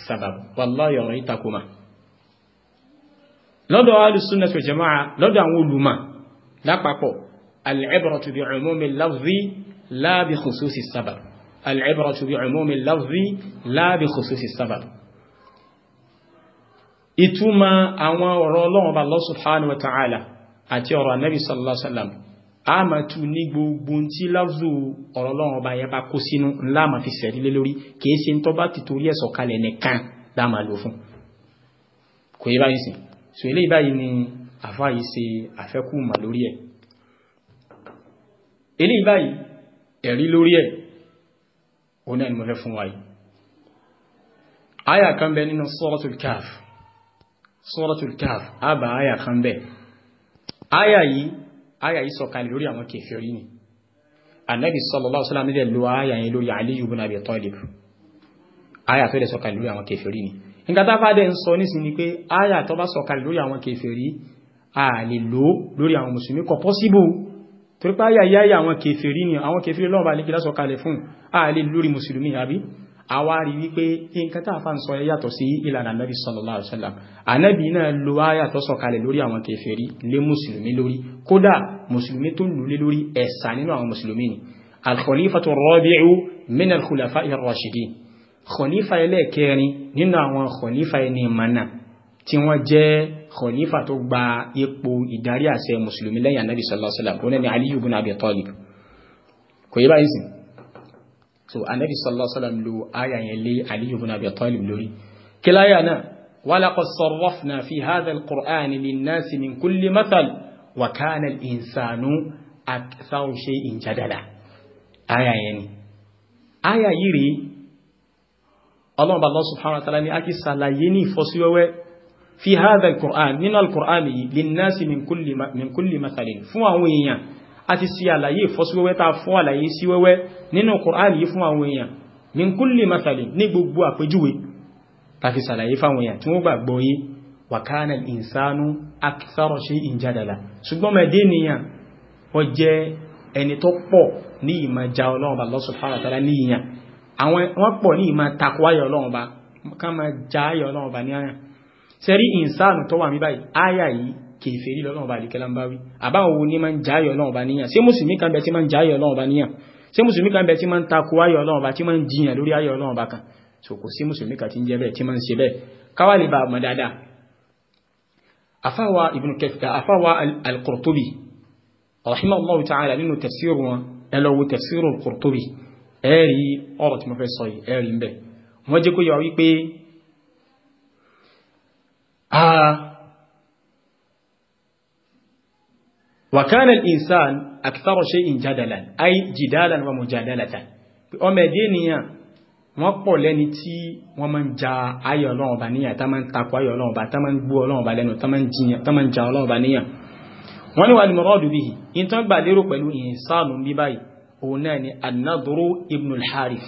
sábàb wàláyọ̀ ọ̀rọ̀ yìí tako ma. lọ́dọ̀ alùsùnà tó jẹ́máà lọ́dọ̀ àwọn olùmọ̀ lápapọ̀ alẹ́bọ̀rọ̀ tó di ẹ̀mọ́mọ́ láwù العبرة بعموم اللفظ لا بخصوص السبب إتوما àwọn ọ̀rọ̀ بالله سبحانه وتعالى subhanahu wa ta'ala àti ọ̀rọ̀ Ànábì sallallahu alaihi wasallam a máa tú ní gbogbo tí lafzu ọ̀rọ̀ Ọlọ́run Ọba yẹn bá kó sínú ńlá máa fi sẹ̀rí lé lórí kìí ṣe tó bá ti torí ẹ̀sọ̀ kalẹ̀ nìkan dáàmà lò fún kò yé báyìí sìn so eléyìí báyìí ni àfa yìí ṣe àfẹ́kù mà lórí ẹ̀ eléyìí báyìí ẹ̀rí lórí ẹ̀ òun náà ni mo fẹ́ fún wa yìí aya kan bẹ nínú suratul Kahf suratul Kahf àbá aya kan bẹ aya yìí aya yìí sọ̀kalẹ̀ lórí àwọn kèfèrí ni anabi sallallahu alaihi wasallam nílẹ̀ lo aya yẹn lórí Ali ibn Abi Talib aya tó dẹ̀ sọ̀kalẹ̀ lórí àwọn kèfèrí ni nǹkan tá fàdé torí pé ayáyá àwọn kèfèrí ni àwọn kèfèrí lọ́wọ́ bá lè kílásọ kalẹ̀ fún ààlè lórí mùsùlùmí àbí àwárí wípé nǹkan tá àfà ń sọ yàtọ̀ sí ìlànà anábì sallallahu alaihi wasallam anábì náà lo ayàtọ̀ sọ̀kalẹ̀ lórí àwọn kèfèrí lé mùsùlùmí lórí kódà mùsùlùmí tó lù lé lórí ẹ̀sà nínú àwọn mùsùlùmí ni al-khalifatu ar-rabi'u min al tí wọ́n jẹ́ khalifa tó gba ipò ìdarí àṣẹ mùsùlùmí lẹ́yìn anabi sallallahu alaihi wasallam oní ni aliyu bin abi talib kò yẹ báyìí sìn so anabi sallallahu alaihi wasallam lo aya yẹn lé aliyu bin abi talib lórí kíláyà náà walaqad sarrafna fi hadha alqur'an linnasi min kulli mathal wa kana al-insanu akthar shay'in jadala aya yẹn ni aya yìí rí ọlọ́run subhanahu wa ta'ala ni a kì í fi hadha al-Qur'an nínú al-Qur'an yìí linnasi min kulli min kulli mathalin fún àwọn èèyàn àti sí àlàyé fọ́síwẹ́wẹ́ tá a fọ́ àlàyé sí wẹ́wẹ́ nínú Qur'an yìí fún àwọn èèyàn min kulli mathalin ní gbogbo àpèjúwe tàfi sàlàyé fáwọn èèyàn tí wọ́n gbàgbọ́ yé wa kana al-insanu akthara shay'in jadala ṣùgbọ́n mẹ́dé nìyàn ó jẹ́ ẹni tó pọ̀ sẹ́rí ìsánù tó wà mí báyìí áyà yìí kèfèrí lọ́lọ́wọ́ bá àdìkẹ́lá ń bá wí àbáwọn wo ni máa ń jáyọ̀ lọ́wọ́ bá níyàn ṣé mùsùlùmí kan bẹ tí so kò sí mùsùlùmí kan tí ń jẹ́ bẹ́ẹ̀ tí máa ibn kẹfìtà afáwa al-Qurtubi rahimahullahu ta'ala nínú tafsir wọn ẹ lọ al-Qurtubi ẹ rí ọ̀rọ̀ tí mo fẹ́ sọ yìí ń bẹ wọ́n jẹ́ kó yọ wípé وكان الإنسان أكثر شيء جدلا أي جدالا ومجادلة ọmọ ẹ̀dẹ́ ènìyàn wọ́n pọ̀ lẹ́ni tí wọ́n máa ń ja ayọ̀ ọlọ́run ọba níyàn tá máa ń takò ayọ̀ ọlọ́run ọba tá máa ń gbó ọlọ́run ọba lẹ́nu tá máa ń ja ọlọ́run ọba níyàn wọ́n ní wà ní mọ́rọ́dù bíi ìtàn gbà lérò pẹ̀lú ìsánù bí báyìí òun náà ni anadoro ibn al-harith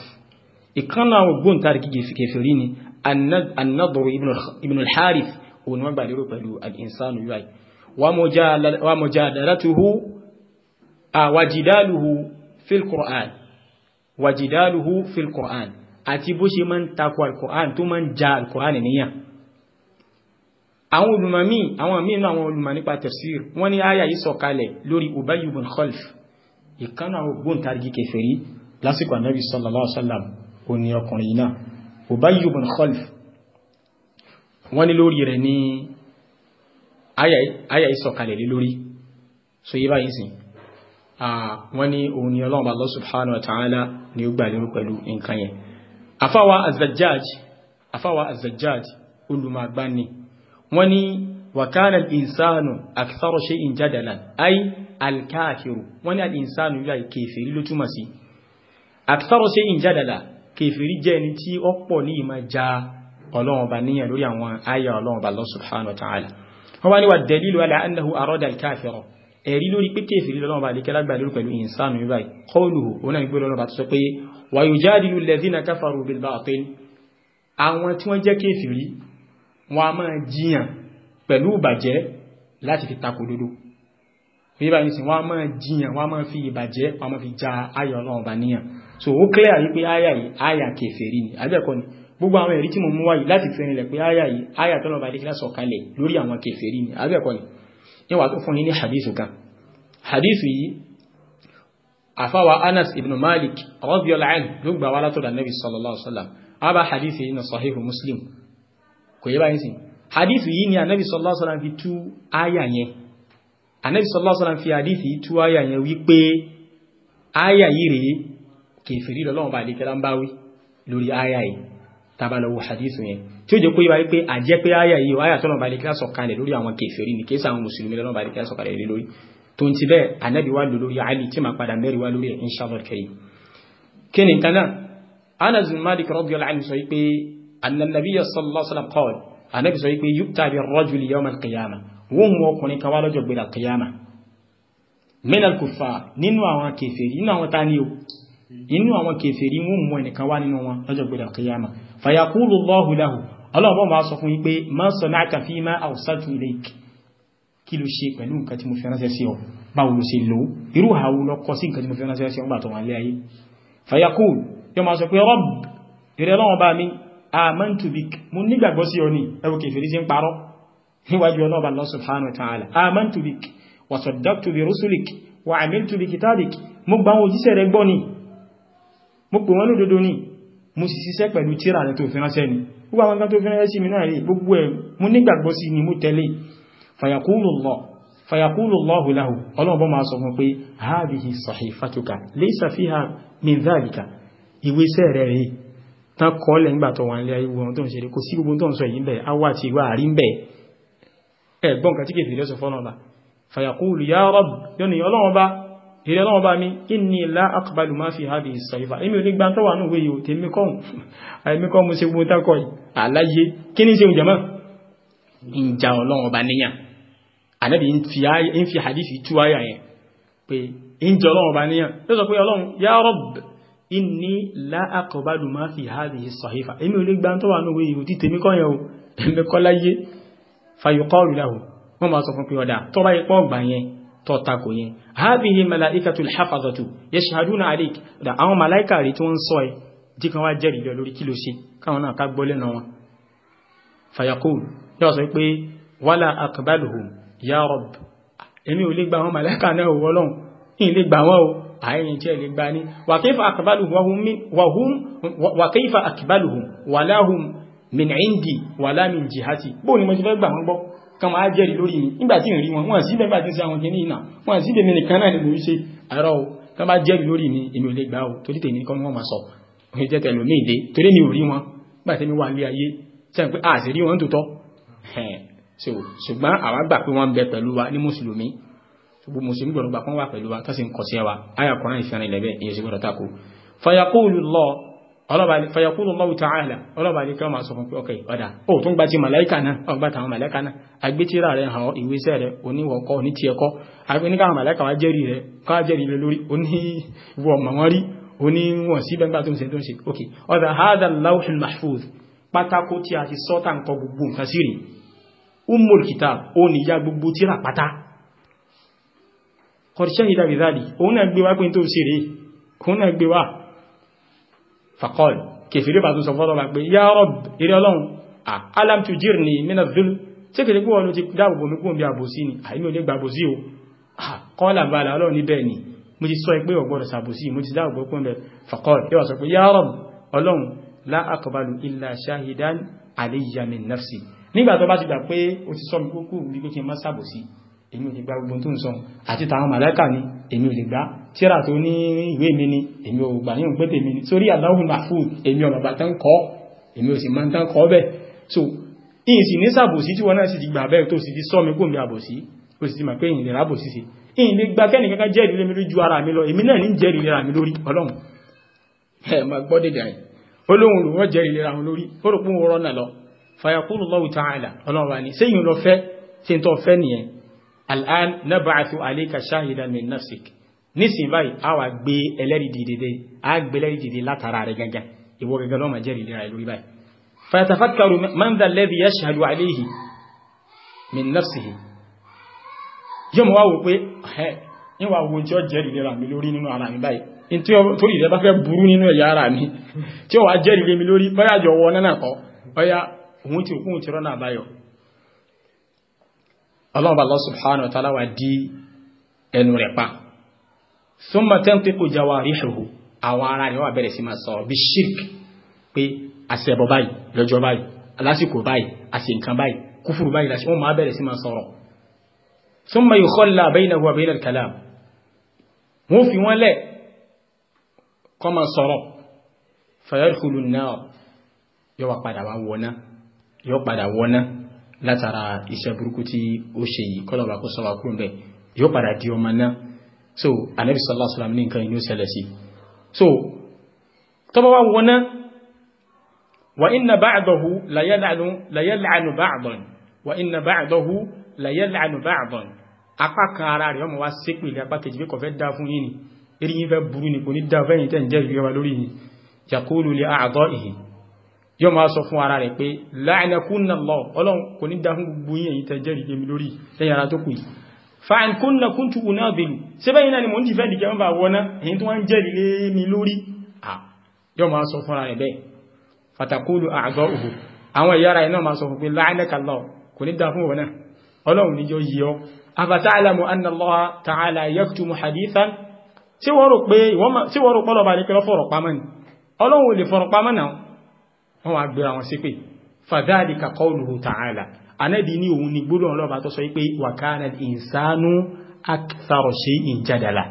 ìkan náà gbóǹtarì kìkì kẹfẹ́rí ni anadoro ibn al-harith òun wọ́n gbà lérò pẹ̀lú al-insanu yìí wa mujadalatuhu wa jidaluhu fil Qur'an wa jidaluhu fil Qur'an àti bó ṣe máa ń takò al-Qur'an tó máa ń ja al-Qur'an níyàn àwọn olùmọ̀mí àwọn míì náà àwọn olùmọ̀ nípa tafsir wọ́n ní àyà yìí sọ̀kalẹ̀ lórí Ubay ibn Khalf ìkánà àwọn ògbóǹtarìgì kèfèrí lásìkò ànábì sallallahu alaihi wasallam òní ọkùnrin náà Ubay ibn wọ́n ní lórí rẹ̀ ní àyà ìsọ̀kalẹ̀ lé lórí so yí báyìí sìn wọ́n ní òun ni ọlọ́run Allah subhanahu wa ta'ala ni ó gbà lérò pẹ̀lú nǹkan yẹn afáwa az-Zajjaj afáwa az-Zajjaj olùmọ̀gbani wọ́n ní wa kana al-insanu akthara shay'in jadalan ay al-kafiru wọ́n ní al-insanu yóò yà kèfèrí ló túmọ̀ sí akthara shay'in jadala kèfèrí jẹ́ ẹni tí ó ní ìmọ̀ jáà ọlọ́run ọba níyàn lórí àwọn àyà ọlọ́run ọba Allah subhanahu wa ta'ala wọ́n wá ní wà dalilu ala annahu arada al-kafira ẹ̀rí lórí pé kéfìrí lọ́wọ́ bá lékẹ́lá gbà lórí pẹ̀lú ìsánù ibáyì kọlùhù oná ìgbé lọ́wọ́ bá tó sọ pé wa yujadilu alladhina kafaru bil batil àwọn tí wọ́n jẹ́ kéfìrí wọn a so ó clear yìí pé áyà yìí ni àbẹ́ẹ̀kọ́ ni gbogbo àwọn ẹ̀rí tí mo mú wáyé láti fi rinlẹ̀ pé àyà yìí àyà tọ́lọ̀ bá dékìlá sọ̀kalẹ̀ lórí àwọn kèfèrí ni abẹ́ẹ̀kọ́ ni níwà tó fún ní hadithu kan hadithu yìí àfáwà Anas ibn Malik radiyallahu anhu ló gbà wá nabi sallallahu alaihi wasallam àbá hadithu sahihu Muslim kò yẹ báyìí sí ni anabi sallallahu alaihi wasallam fi tú àyà yẹn sallallahu alaihi wasallam fi hadithu yìí tú àyà yẹn wípé àyà yìí rèé kèfèrí lọ́lọ́run bá lórí àyà tàbá lọ wo hadith yẹn tí ó jẹ́ kó yíwa wípé àjẹ́ pé àyà yìí àyà tọ́nà bá lè kíláàsì ọ̀kalẹ̀ lórí àwọn kèfèrí ní kéésà àwọn mùsùlùmí lọ́nà bá lè kíláàsì lé lórí tó ń ti bẹ́ẹ̀ ànábì wá lò lórí àlì tí màá padà mẹ́rin wá lórí insha Allah karim kí ni nǹkan náà Anas bin Malik sọ pé annabiyya sallallahu alaihi wasallam qala ànábì sọ pé yukta bi rajuli yawm al-qiyamah wọ́n mú ọkùnrin kan wá lọ́jọ́ gbé inú àwọn kèfèrí wọ́n mú ẹnìkan wá nínú wọn lọ́jọ́ gbẹ̀rẹ̀ àkíyàmà fayaqulu Allahu lahu ọlọ́ọ̀bọ̀ máa sọ fún wípé ma sana'aka fima awsatu ilayk kí ló ṣe pẹ̀lú nǹkan tí mo fi ránṣẹ́ sí ọ báwo ló ṣe lò irú àwọn olọ́kọ sí nǹkan tí mo fi ránṣẹ́ sí ọ gbà tó wà lé ayé fayaqulu yọ máa sọ rẹ gbọ́ ni mo pè wọ́n lódodo ní mo sì ṣiṣẹ́ pẹ̀lú tíra rẹ̀ tó fi ránṣẹ́ ni gbogbo àwọn kan tó fi ránṣẹ́ sí mi náà rí gbogbo ẹ̀ mo nígbàgbọ́ sí ni mo tẹ̀lé fàyàkúlùlọ́hù láhù ọlọ́ọ̀bọ́ máa sọ fún pé hādhihi ṣaḥīfatuka laysa fīhā min dhālika ìwéṣẹ́ rẹ̀ rí tán kọ́ọ̀lẹ̀ ńgbà ìrẹ́ lọ́wọ́ bá mi inni la aqbalu ma fi hadhihi as-sayfa èmi ò ní gbá tó wà ní òwe yóò tèmi kọ́ àìmí kọ́ mo ṣe gbogbo tákọ̀ àláyé kí ní ṣe òjò mọ́ ìjà ọlọ́wọ́ bá níyàn ànábì ń fi hadith tú àyà yẹn pé ìjà ọlọ́wọ́ bá níyàn ló sọ pé ọlọ́run ya Rabb inni la aqbalu ma tọ́tako yẹn hábìhì malaikatul hafazatu yashhaduna alik da àwọn malaika rí tí wọ́n sọ ẹ tí kan wá jẹ́rìí lọ lórí kí ló ṣe káwọn náà ká gbọ́ lẹ́nu wọn fayaqul yóò sọ pé wala aqbaluhum ya rabb èmi ò lè gba àwọn malaika náà wọ lọ́hùn ìyìn lè gbà wọ́n o àyẹ̀yìn tí ẹ lè kan máa jẹ́rì lórí mi nígbàtí ìrí wọn wọ́n sí lẹ́gbà tí sí àwọn kìíní ìnà wọ́n sí lèmi nìkan náà lèmi ṣe àrọ́ o kan máa jẹ́rì lórí mi èmi ò lè gbà o torí tèmi kọ́ wọ́n máa sọ òye jẹ́ tẹ̀lú mi ìdè torí mi ò rí wọn nígbàtí mi wà lé ayé sẹ́yìn pé àṣì rí wọn tó tọ́ ṣùgbọ́n àwa gbà wa ní mùsùlùmí gbogbo mùsùlùmí gbọ́dọ̀ gbà pọ́n wà fayakúrò lọ́wọ́ tààlà ọlọ́bà ní kí ma sọ fún pé ọkẹ̀ ọ̀dá o tún gba ti màláíkà náà ọgbà tàwọn màláíkà náà agbétíra rẹ̀ hàn ìwéṣẹ́ rẹ̀ oníwọ̀kọ́ ní ti ẹ̀kọ́ agbéníkà màláíkà wá jẹ́rìí rẹ̀ ká jẹ́rìí rẹ̀ lórí oníwọ̀ mọ̀wọ́rí oníwọ̀n sí bẹ́ngbà tó ń ṣe tó ń ṣe ok ọ̀dà hadha lawhul mahfuz pátákó tí a ti sọ tá ń kọ sí rí umul ní gbé wá fàkọ́ọ̀lù kèfèrè bá tún sọ fọ́lọ́wà pé yá rọ́b eré ọlọ́run alam tu jir ni mina zul tí kèrè pé wọ́n ti dáàbòbò mi kún bí àbòsí ni àìmí ò lè gba àbòsí o kọ́ọ̀lá balà ọlọ́run ní bẹ́ẹ̀ ni mo ti sọ pé ọgbọ́dọ̀ sàbòsí mo ti dáàbòbò èmi ò lè gba gbogbo tó ń sọ àti tàwọn màláìkà ni èmi ò lè gbá tíra tó ní ìwé mi ni èmi ò gbà yín pé tèmi ni sórí àdáhùn màfún èmi ọ̀nà bàtà so ìyìn sì ní sàbòsí tí wọn náà sì ti gbà bẹ́ẹ̀ tó sì ti sọ mi kò mi àbòsí ó sì ti mà pé ìyìn lè rábòsí sí ìyìn lè gba kẹ́nì kankan jẹ́rìí lé mi lójú ara mi lọ èmi lórí ọlọ́run ẹ máa lọ fàyàkúrò lọ́wọ́ tàn àìlà ọlọ́run wa ni sẹ́yìn lọ fẹ́ tí n tọ́ fẹ́ nìyẹn al'an nab'athu alayka shahidan min nafsik nísìnyí báyìí a wà gbé ẹlẹ́rìí dìde dé a gbé ẹlẹ́rìí dìde látara rẹ̀ gángan ìwọ gángan lọ́mọ jẹ́rìí lera ẹ̀ lórí báyìí fàtàfàkàrù man dha alladhi yashhadu alayhi min nafsihi yóò mọ̀ wá wò pé ẹ̀ níwà wo tí ó jẹ́rìí lera mi lórí nínú ara mi báyìí nítorí rẹ̀ bá fẹ́ burú nínú ẹ̀yà ara mi tí ó wà jẹ́rìí lé mi lórí báyàjọ wọ náà kọ́ ọya òun ti òkú òun ti rọ́nà àbáyọ̀ ọlọ́run Allah subhanahu wa ta'ala wá di ẹnu rẹ̀ pa thumma tantiqu jawarihuhu àwọn ara rẹ̀ wà bẹ̀rẹ̀ sí máa sọ bí shirk pé àṣẹbọ báyìí lọ́jọ́ báyìí lásìkò báyìí àṣẹ nǹkan báyìí kúfùrù báyìí lásìkò wọn máa bẹ̀rẹ̀ sí máa sọ̀rọ̀ thumma yukhalla baynahu wa bayna al-kalam wọ́n fi wọ́n lẹ̀ kọ́ máa sọ̀rọ̀ fayadkhulu an-nar yóò padà wọ́ná yóò padà wọ́ná látara iṣẹ́ burúkú tí ó ṣe yìí kọ́lọ̀bà kó sọ́wà kúrò bẹ̀ yóò padà di ọmọ náà so anabi sallallahu alaihi wasallam ní nǹkan inú ṣẹlẹ̀ sí so tọ́bọ̀ wá wọná wa inna ba'dahu la yal'anu ba'dan wa inna ba'dahu la yal'anu ba'dan apá kan ara rẹ̀ ọmọ wá sépìlẹ̀ apá kejì bí dá fún yìí ni eré yìí fẹ́ burú ni kò ní dá fẹ́yìn tẹ́ ń jẹ́ ìwé lórí yìí yaqulu li a'da'ihi yóò máa sọ fún ara rẹ̀ pé láàrínàkúnnà lọ ọlọ́run kò ní dákún gbogbo yìí èyí tẹ́jẹ́ rí gẹ́mi lórí lẹ́yìn ara tó kù yìí fàánkúnnà kún tukù náà bèlú síbẹ̀yìn náà ni mo ń dìfẹ́ dìkẹ́ ń bá wọná èyí tó wọ́n jẹ́ rí mi lórí yóò máa sọ fún ara rẹ̀ bẹ́ẹ̀ fatakulu àgọ́ òhù àwọn ẹ̀yà ara iná máa sọ fún pé láàrínàkà lọ kò ní dákún wọná ọlọ́run ní yóò yíyọ tí wọ́n rò pé ọlọ́ba ní pé lọ́fọ̀rọ̀ ni ọlọ́run ò lè fọ̀rọ̀ náà wọ́n wá gbéra wọn sí pé fadhalika qawluhu ta'ala anábì ní òun ni gbólóhùn ọlọ́ba tó sọ pé wa kana al-insanu akthara shay'in jadala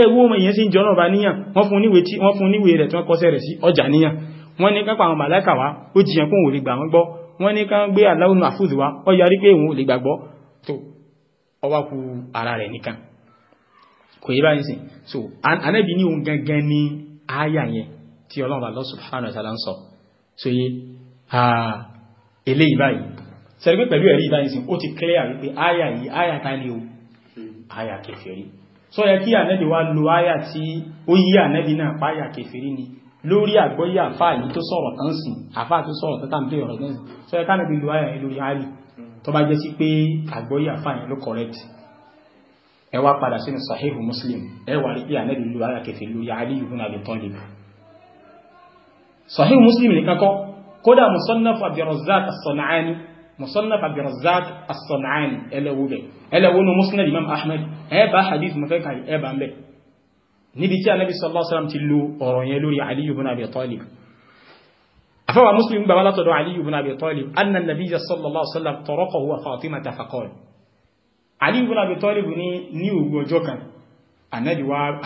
ẹ wo ọmọ èèyàn sí ń jọ náà bá níyàn wọ́n fún níwèé tí wọ́n fún níwèé rẹ̀ tí wọ́n kọ́sẹ̀ rẹ̀ sí ọjà níyàn wọ́n ní kápá àwọn màláìkà wá ọlọ́run bá lọ subhanahu wa ta'ala ń sọ so yé eléyìí báyìí sẹ́rí pé pẹ̀lú ẹ̀rí ìbáyìí sí ó ti clear wípé àyà yìí àyà ta ni o àyà kèfèrí so yẹ kí ànẹ́bì wá lo àyà tí ó yí ànẹ́bì náà páyà ni lórí àgbọ́yé àfáà yìí tó sọ̀rọ̀ tán so yẹ kánẹ́bì lo àyà yìí lórí àlì tó bá jẹ́ sí pé àgbọ́yé àfáà correct ẹ wá sahihu muslim ẹ wà rí pé ànẹ́bì lo àyà kèfèrí lórí àlì ibn sahih muslim nìkan kọ́ kódà musannaf abdurrazzaq as-san'ani musannaf abdurrazzaq as-san'ani ẹlẹ́wọ́ bẹ̀ ẹlẹ́wọ́ nu musnad imam ahmed ẹ bá hadith mọ̀fẹ́ kàrí ẹ bá ń bẹ̀ níbi tí anabi sallallahu alaihi wasallam ti lo ọ̀rọ̀ yẹn lórí aliyu bin abi talib afọwà muslim gbà wálá tọ̀dọ̀ aliyu bin abi talib anna nabiyya sallallahu alaihi wasallam taraqahu wa fatimata faqala aliyu bin abi talib ní ní òwú ọjọ́ kan anabi wa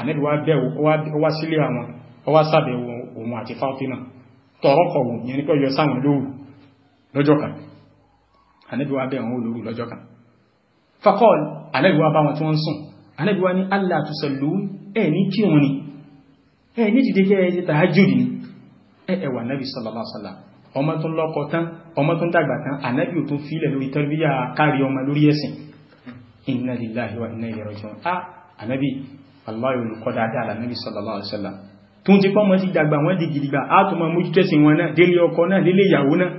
ó wá sàbẹ̀wò òun àti Fátímà tọ̀rọ̀kọ̀ òun yẹn ni pé yọ sáwọn lóru lọ́jọ́ kan ànábì wá bẹ̀ wọn lóru lọ́jọ́ kan fakọ́ọ̀lù ànábì wá bá wọn tí wọ́n sùn ànábì ní Allah tusallu ẹ̀ ní kí òun ni ẹ̀ ní dìde kẹ́ ẹ̀ ni ẹ̀ ẹ̀ wà sallallahu alaihi wasallam ọmọ tó ń lọ́kọ tán ọmọ tó ń dàgbà tán ànábì ò tó fílẹ̀ lórí tarbiyya kárí inna lillahi wa inna ilayhi raji'un a ah, ànábì wallahi olùkọ́ dáadáa ànábì sallallahu alaihi wasallam tó ti pọ́ mọ́ sí dàgbà wọ́n di gidigba átùmọ̀ mújútẹ́sì wọn náà délé ọkọ náà délé ìyàwó náà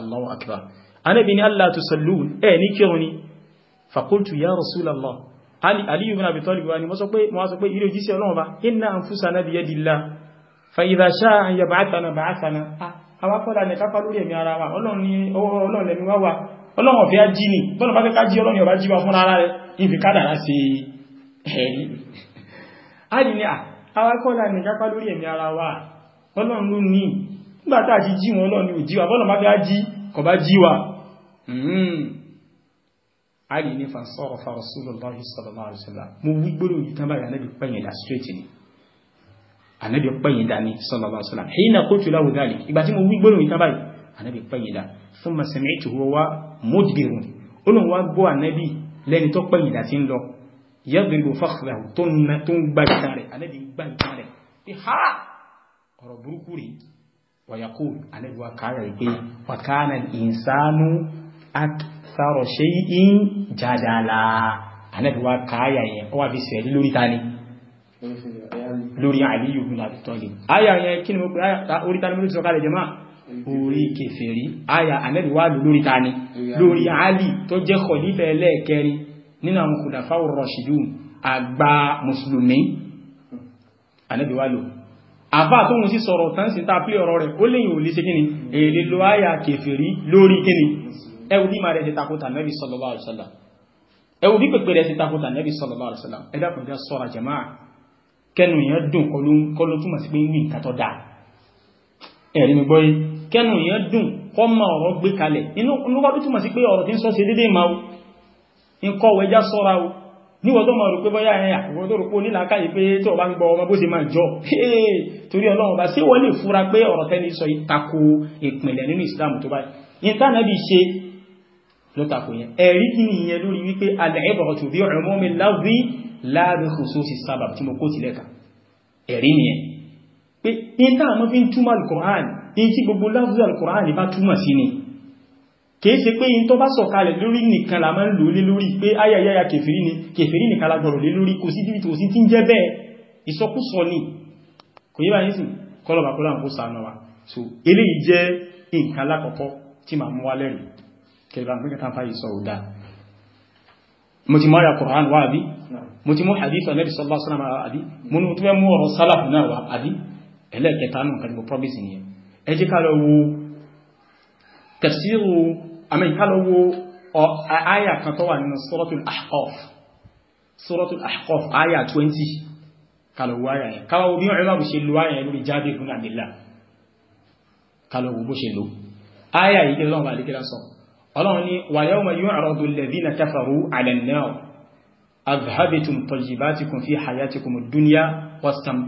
Allahu akbar anábi ni allah tusallun ẹ ní kírun ni faqultu ya rasulallah aliyu bin abi talib wa ni wọ́n sọ pé ilé òjísẹ́ ọlọ́run ba inna anfusana biyadillah fa idha sha'a an yab'athana ba'athana àwọn akọ́lá ní kápá lórí ẹ̀mí ara wa ọlọ́run ni ọwọ́ ọlọ́run lẹ́mí wá wà ọlọ́run awakọ́lá ní kápá lórí ẹ̀mí ara wa ọlọ́run ló ní nígbàtà àti jí wọn lọ hmm. ní ò jíwa bọ́lọ̀ máa fẹ́ jí kọ bá jíwa alì ní fàṣọ́rọ̀ Rasulullahi sallallahu alaihi wasallam mo wí gbọ́rọ̀ yìí tán báyìí anábì pẹ̀yìn dà straight ni anábì pẹ̀yìn dà ní sallallahu alaihi wasallam hina qultu lahu dhalik ìgbà tí mo wí gbọ́rọ̀ yìí tán báyìí yẹ́gbìnbò fàkìlàwò tó ń gbá ìta rẹ̀ alẹ́bí gbá ìta rẹ̀ pé ha ọ̀rọ̀ burúkú rí wàyàkó alẹ́bí wa káàrẹ̀ rí pé wàkánà ìsánú àtàrọ̀ ṣe yín jàdàlà alẹ́bí wa káàyà yẹn ó wà fi sẹ̀rí lórí tani lórí àìlíyù ní àbítọ́lì ayà yẹn kí ni mo pè orí tani mo ló ti sọ̀kalẹ̀ kèfèrí ayà alẹ́bí wa lórí tani lórí àlì tó jẹ́ kọ̀lífẹ̀ ẹlẹ́ẹ̀kẹrin nínú àwọn kùdàfà rọ̀ṣìdù àgbà mùsùlùmí ànábì wa lò àbá tóhun sí sọ̀rọ̀ tán sí tàbí ọ̀rọ̀ rẹ̀ ó lèyìn ò lè ṣe kíni èlè lo áyà kèfèrí lórí kíni ẹwù ma rẹ̀ sí takota nẹ́bí sallallahu alaihi wasallam ẹwù bí pẹ̀pẹ̀ rẹ̀ sí sallallahu alaihi wasallam ẹ̀dàkùn jẹ́ sọ́ra jẹ́máà kẹnu èèyàn dùn kọlu túmọ̀ sí pé ń wí nǹkan tó dáa ẹ̀rí mi gbọ́ yìí kẹnu èèyàn dùn nkọ́ wẹjá sọ́ra o níwọ̀n tó máa rò pé bọ́yá ẹ̀ àwọ̀ tó rò pé nílàákàyè pé tí ọba ń gbọ́ ọmọ bó ṣe máa jọ torí ọlọ́run bá sí wọ́n lè fura pé ọ̀rọ̀ tẹ́ni sọ ìtako ìpìnlẹ̀ nínú Islam tó báyìí ìtànàbí ṣe ló tako yẹn ni ìyẹn lórí wípé al-ibratu bi umumi la bi khususi sabab tí mo kó tilẹ̀ kan ẹ̀rí nìyẹn pé quran ìyẹn tí gbogbo al-Qur'an bá túmọ̀ sí kìí ṣe pé in tó bá sọ̀kalẹ̀ lórí nìkan la máa ń lò lé lórí pé ayayaya kèfèrí ni kèfèrí nìkan la gbọ́rọ̀ lé lórí kò sí díbi kò sí tí ń jẹ́ bẹ́ẹ̀ ìsọkúsọ ni kò yíba ní sìn kọlọ̀bà kọlọ̀ àwọn kòsà so eléyìí jẹ́ nǹkan lákọ̀ọ́kọ́ tí ma mú wá lẹ́rìn kẹba mẹ́kẹta fàyè sọ ọ̀dá mo ti mú àyà Kùránì wá àbí mo ti mú hadith Ànábì sallallahu alaihi wasallam àbí mo ní mo tún mo promise nìyẹn ẹ jẹ́ ká tafsiru àmì ìkálọ́wọ́ àyà kan tó wà nínú suratul ahqaf suratul ahqaf àyà 20 kálọ́wọ́ àyà yẹn káwọ́ bí wọ́n ṣe lo àyà lórí Jabir ibn Abdillah kálọ́wọ́ bó ṣe lo àyà yìí lọ́wọ́ bá lékẹ́lá sọ ọlọ́run ni wa yawma yu'radu alladhina kafaru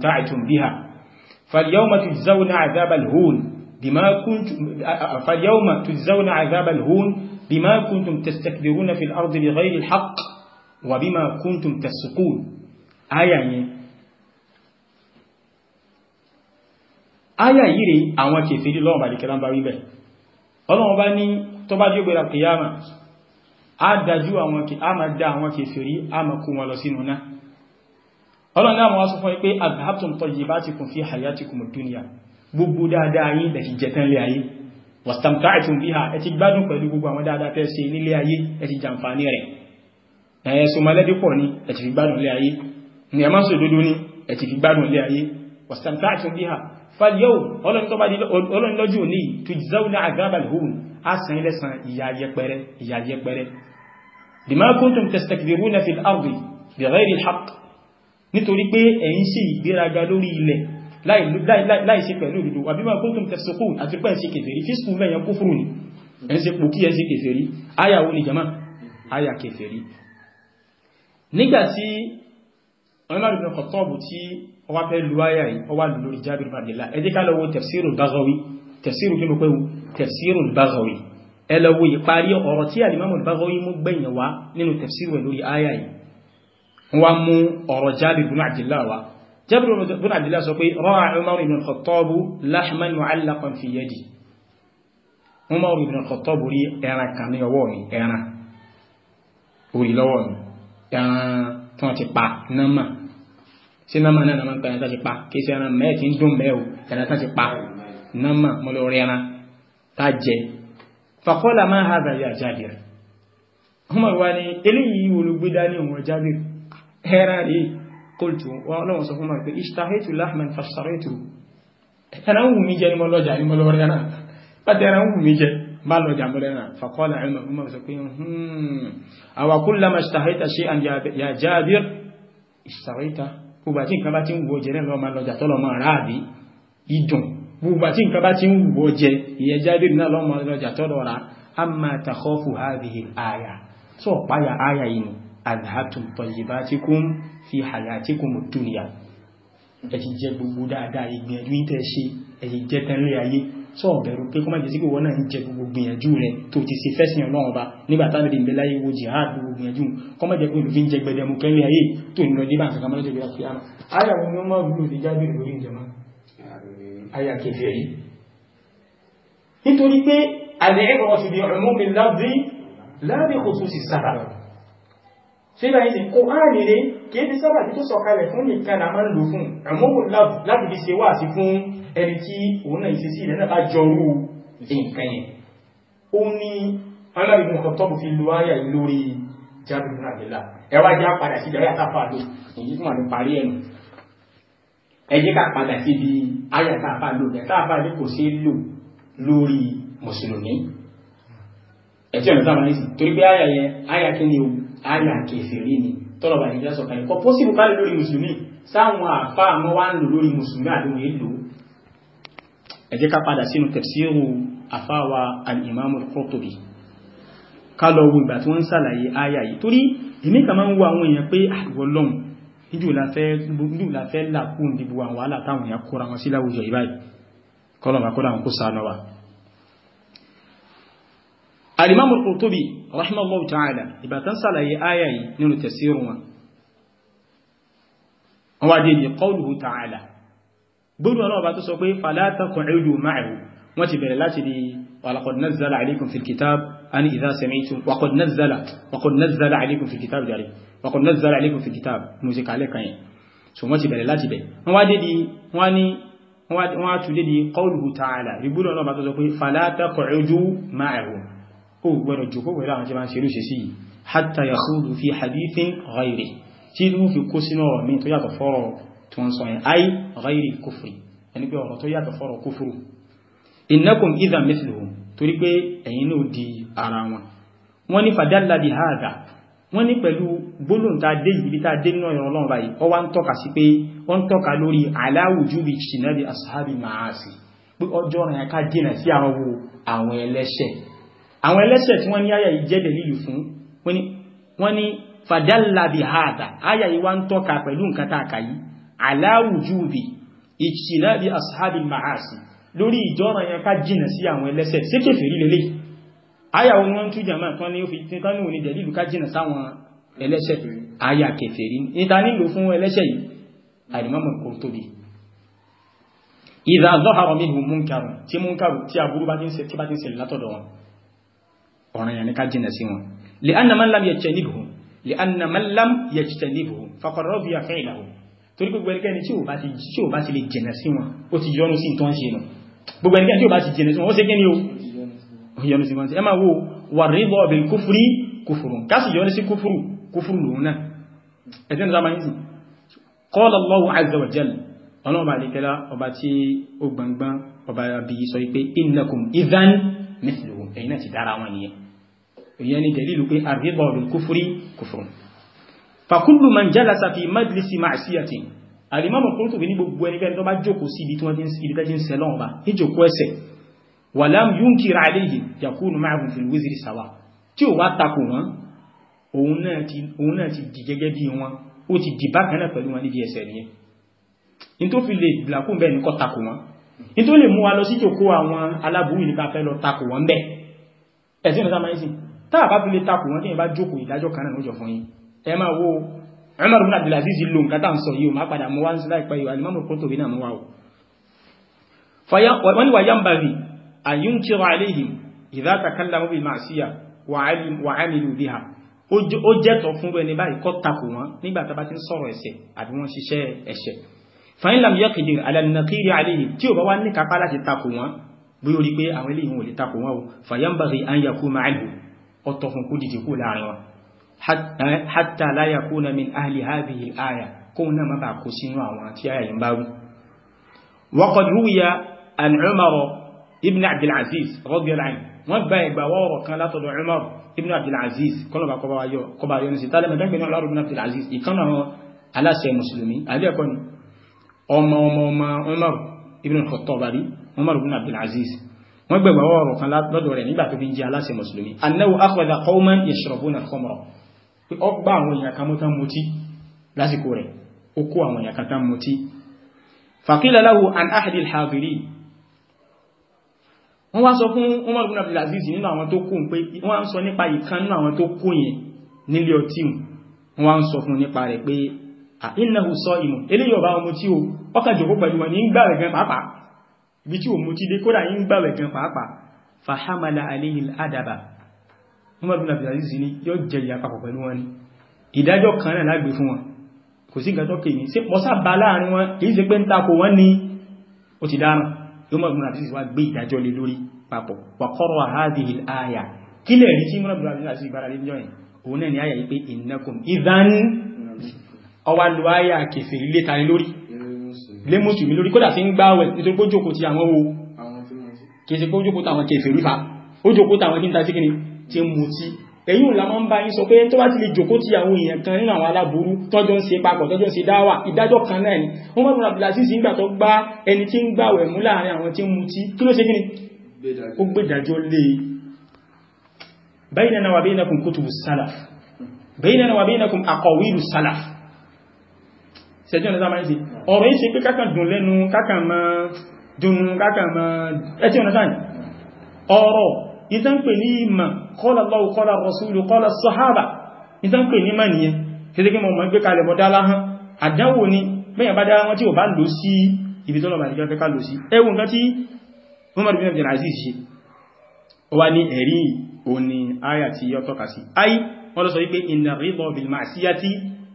'ala فاليوم تجزون عذاب الهون بما كنتم فاليوم تجزون عذاب الهون بما كنتم تستكبرون في الأرض بغير الحق وبما كنتم تسقون آية يعني áyà yìí rí àwọn kèfèrí lọ́wọ́ bàdìkẹ́ lọ́n bá wíbẹ̀ ọlọ́wọ́ bá ní tó bá jí ògbèrà kìyàmà á dájú àwọn kèfèrí á máa kó wọn lọ sínú náà ọlọ́wọ́ náà wọ́n sọ fún pé adhabtum tayyibatikum fi hayatikum ad-dunya gbogbo dáadáa yìí lẹ́ti jẹtán lé ayé wàstàmtàìtùn bí ha ẹ ti gbádùn pẹ̀lú gbogbo àwọn dáadáa tẹ́ ṣe nílé ayé ẹ ti jàǹfààní rẹ̀ ẹ̀yẹ sọmọlẹ́bí pọ̀ ní ẹ ti fi gbádùn lé ayé nítorí pé ẹ̀yin ṣe ìgbéraga lórí ilẹ̀ láì ṣe pẹ̀lú òdodo wà bí ma kó tó ń tẹ̀sọ́kù àti pẹ́ ṣe kèfèrí tí sùn mẹ́yàn kó fúrù ní ẹn ṣe pòkí ẹ ṣe kèfèrí àyà wo ni jama àyà kèfèrí nígbà tí Umar ibn Khattab tí ọwá tafsiru kí ló pé wo tafsirul Baghawi ẹ lọ tafsiru ẹ̀ lórí àyà yìí wọ́n mú ọ̀rọ̀ Jabir jabir bin abdullah sọ pé ra'a umar ibn al-khattab lahman mu'allaqan fi yadi umar ibn al-khattab rí ẹran kan ní ọwọ́ mi ẹran orí lọ́wọ́ mi ẹran tí wọ́n ti pa námà sí námà náà náà pẹ̀lú tàbí pa kí sí ẹran mẹ́ẹ̀ tí ń dùn mẹ́ẹ̀ o ẹran tàbí pa námà mọ́lẹ̀ orí kóòtù ọlọ́run sọ fún ma pé ishtahitu lahman fashtaraitu ẹran wù mí jẹ ní mọ́lọ́jà ní mọ́lọ́rẹ́ náà láti ẹran wù mí jẹ bá lọ́jà mọ́lọ́rẹ́ náà faqala Umar Umar sọ pé awa kullama ishtahayta shay'an ya Jabir ishtaraita gbogbo àti nǹkan bá ti ń wù ọ jẹ náà lọ́ọ́ lọ́jà tọ́lọ́ máa ráàbí adhatum tayyibatikum fi hayatikum dunya ẹ ti jẹ gbogbo dáadáa ìgbìyànjú yìí tẹ́ ṣe ẹ ti jẹ tẹ́lẹ̀ ayé sọ bẹ̀rù pé kọ́ má jẹ́ sí pé wọ́n náà ń jẹ gbogbo gbìyànjú rẹ̀ tó ti ṣe fẹ́sìn ọlọ́run ba nígbà táwọn ìbẹ̀ láyé wo jihad gbogbo gbìyànjú kọ́ má jẹ́ pé olùfín jẹ gbẹdẹmú kẹ́lẹ́ ayé tó ní lọ́dí bá ń kankan mọ́lẹ́jọ́ gbẹdẹ fìyàmà ayà wọn ni wọ́n máa gbúrò lè jábìrì lórí ìjọba ayà kẹfẹ́ yìí nítorí pé àlẹ́ ẹ̀kọ́ ti di ọ̀rọ̀ mú mi lábí lábí kò tún sì sára ṣe bá ìsìn kò án rèrè kìí ti sábà tí tó sọ̀kalẹ̀ fún nìkan la máa ń lò fún àmóhùn láti fi ṣe wà sí fún ẹni tí òun náà ìṣesí ilẹ̀ náà bá jọrú nǹkan yẹn ó ní alábìnrin ọ̀tọ́bù fi lo ayà lórí jábìnrin àbílà ẹwà já padà sí ìjọba àtàfà lò èyí fún àmì parí ẹnu ẹ jẹ́ ká padà sí ibi ayà àtàfà lò ẹ̀ táàfà ní kò ṣe lò lórí mùsùlùmí ẹ̀tí ọ̀nà táwọn ní sí torí pé ayà yẹn ayà kí ni o àyà kèfèrí ni tọ́lọ̀bà ní jẹ́ sọ̀kà ẹ̀kọ́ pósìbù ká lórí mùsùlùmí sáwọn àfá àmọ́ wá ń lò lórí mùsùlùmí àdúgbò èlò ẹ jẹ́ ká padà sínú tafsiru àfáwà al-Imam al-Qurtubi ká lọ wo ìgbà tí wọ́n ń sàlàyé àyà yìí torí èmi ah, la fẹ́ làkún dìbò àwọn wàhálà táwọn alimamu al-Qurtubi rahimahullahu ta'ala ìbátan sàlàyé àyà yìí nínú tafsirun wọn wọ́n wá dé ní qawluhu ta'ala gbogbo ọlọ́wọ́ bá tó sọ pé fala taq'udu ma'ahu wọ́n ti bẹ̀rẹ̀ láti di walaqad nazzala alaykum fil kitab an idha sami'tum waqad nazzala waqad nazzala alaykum fil kitab jari waqad nazzala alaykum fil kitab musika alẹ́kan yẹn so wọ́n á tún dé di qawluhu ta'ala gbogbo ọlọ́wọ́ bá tó sọ pé fala taq'udu ma'ahu ó gbọ́dọ̀ jòkó pẹ̀lú àwọn tí wọ́n ṣe lóṣe sí yìí hatta yakhudu fi hadithin ghairi tí ó fi kó sínú ọ̀rọ̀ mi tó yàtọ̀ fọ́rọ̀ tó ń sọ yẹn ai ghairi kufri ẹni pé ọ̀rọ̀ tó yàtọ̀ fọ́rọ̀ kufru innakum idha mithluhum torí pé ẹ̀yin náà di ara wọn wọ́n ní fadalla bi hadha wọ́n ní pẹ̀lú gbólóhùn tá dé ibi tá dé nínú ọ̀rọ̀ ọlọ́run báyìí ó wá ń tọ́ka sí pé ó ń tọ́ka lórí ala wujubi ijtinabi ashabi ma'asi pé ọjọ́ rẹ̀ ká dínà sí àwọn ẹlẹ́ṣẹ̀ àwọn ẹlẹ́sẹ̀ tí wọ́n ní àyà yìí jẹ́ dẹ̀lílù fún wọ́n ní fàdálàbì hàdà àyà yìí wá ń tọ́ka pẹ̀lú nǹkan tààkà yìí aláwùjúbi ìṣìlábi ashabi ma'asi lórí ìjọ́ràn yẹn ká jìnà sí àwọn ẹlẹ́sẹ̀ sí kèfèrí lélẹ̀ àyà wọn wọ́n tú jàmá kan ní òfin tán ní òní dẹ̀lílù ká jìnà sáwọn ẹlẹ́sẹ̀ àyà kèfèrí níta nílò ìdá zọ́hàrọ̀ mi hù múnkàrù tí múnkàrù tí aburú bá ti ń ṣe látọ̀dọ̀ wọn ọ̀ràn yẹn ni ká jìnà sí wọn lè anna man lam yajtanibuhu lè anna man lam yajtanibuhu faqad radiya fi'lahu torí gbogbo ẹnikẹ́ni tí ò bá ti lè jìnà sí wọn ó ti yọnu sí nǹkan ṣe nù gbogbo ẹnikẹ́ni tí ò bá ti jìnà sí wọn ó ṣe kí ni o ó yọnu sí wọn ẹ máa wo wà rí bọ́ bil kufri kufurun kásì yọnu kufuru kufuru lòun náà ẹ̀sẹ̀ ní sábà yín sí qala Allahu azza wa jalla ọlọ́ọ̀bà àdékẹ́lá ọba tí ó gbangban ọba àbí sọ ẹ̀yin náà ti dára wọn nìyẹn ìyẹn ni dẹ̀lílù pé àríbọ̀ bil kufri kufrun fakullu man jalasa fi majlisi ma'siyatin alimamu Qurtubi ní gbogbo ẹni bẹ́ẹ̀ tó bá jókòó sí ibi tí wọ́n ti ń ibi tí ń sẹ lọ́wọ́ bá ní jókòó ẹsẹ̀ wa lam yunkir alayhi yakunu ma'ahum fil wizri sawa tí ò wá takò wọn òun náà ti di gẹ́gẹ́ bí wọn ó ti di bákan náà ẹ̀sìn ìrìnsá máa ń sìn tá àbá fi lè takò wọn tí ìbá jókòó ìdájọ́ kan náà lójọ fún yín ẹ máa wo Umar ibn Abdul Aziz lo nǹkan tá à ń sọ yìí o máa padà mú wá ń sí láìpẹ́ ìwà Imam Qurtubi náà mú wá biha ó jẹ́tọ̀ fún ẹni báyìí kó takò wọn nígbà tá a bá fa in lam yaqdir ala an-naqiri alayhim tí ò bí ó rí pé àwọn ilé ìwọ̀n lè takò wọn o fàyánbàrí an yà kú ma'áìlú ọ̀tọ̀ fún kú dìde kú láàrin wọn eh, hatta láyà kú na min ahli hadhihi àyà kóhun náà máa kó sínú àwọn tí àyà yìí bá rú waqad an Umar ibn Abdulaziz radiyallahu anhu ibn Abdulaziz kọ́nà kọba Umar ibn Abdul Aziz wọ́n gbẹ̀gbà ọ̀rọ̀ kan lọ́dọ̀ rẹ̀ nígbà tó fi ń jẹ́ aláṣẹ mùsùlùmí annahu akhadha qauman yashrabuna al-khamra pé ó gbá àwọn èèyàn kan mọ́tán mutí lásìkò rẹ̀ ó kó àwọn èèyàn kan tán mutí faqila lahu an ahadi al-hadirin wọ́n wá sọ fún Umar ibn Abdul Aziz nínú àwọn tó kó pé wọ́n wá ń sọ nípa ìkan nínú àwọn tó kó yẹn nílé ọtí wọ́n wá ń sọ fún nípa rẹ̀ pé innahu sa'imun eléyìí ọba ọmọ tí ó ọkà jòkó pẹ̀lú wọn ní gbà rẹ̀ gan pàápàá bí tí òun ti dé kódà yí ń gbàwẹ̀ gan pàápàá fahamala alayhi adaba Umar bin Abdul Aziz ni yóò jẹ ìyà papọ̀ pẹ̀lú wọn ni ìdájọ́ kan náà lágbé fún wọn kò sí ìgbàjọ́ kèmí sí pọ́sàbà láàrin wọn kìí ṣe pé ń takò wọn ni ó ti dáràn Umar bin Abdul Aziz wá gbé ìdájọ́ lé lórí papọ̀ wàkọ́rọ̀ hadhihi al-aya kílẹ̀ rí sí Umar bin Abdul Aziz ìbára lé níjọ́yìn òun náà ni àyà yìí pé innakum idhan ọwà lọ àyà lé mùsùlùmí lórí kódà sí ń gbáwẹ̀ nítorí pé ó jókòó ti àwọn wo kìí ṣe pé ó jókòó tàwọn kẹfẹ́ rífà ó jókòó tàwọn kí n ta sí kíni tí ń mutí ẹ̀yìn òun la máa ń bá yín sọ pé tó bá ti lè jókòó ti àwọn èèyàn kan nínú àwọn aláburú tọ́jọ́ ń ṣe papọ̀ tọ́jọ́ ń ṣe dáwà ìdájọ́ kan náà ni wọ́n bá múra bìlásìsì nígbà tó gbá ẹni tí ń gbàwẹ̀ mú láàrin àwọn tí ń mutí kí ló ṣe kíni ó gbèdàjọ́ lé e. baynana wa baynakum kutubu salaf baynana wa baynakum aqawilu salaf ṣẹjọ́ ní sáàmáyé sí ọ̀rọ̀ yìí ṣe pé kákan dùn lẹ́nu kákan ma. dùn kákan mọ́ ẹtí ọ̀nà sáàyì ọ̀rọ̀ ìtànpè ní ìmọ̀ qala Allahu qala Rasulu qala Sahaba ìtànpè ní ìmọ̀ nìyẹn títí kí mo mọ̀ gbé ni bẹ́yàn bá dára wọn tí ò bá lò sí ibi tó lọ màlìkà fẹ́ ká lò sí ẹwù nǹkan tí Umar bin Abdul Aziz ṣe ó wá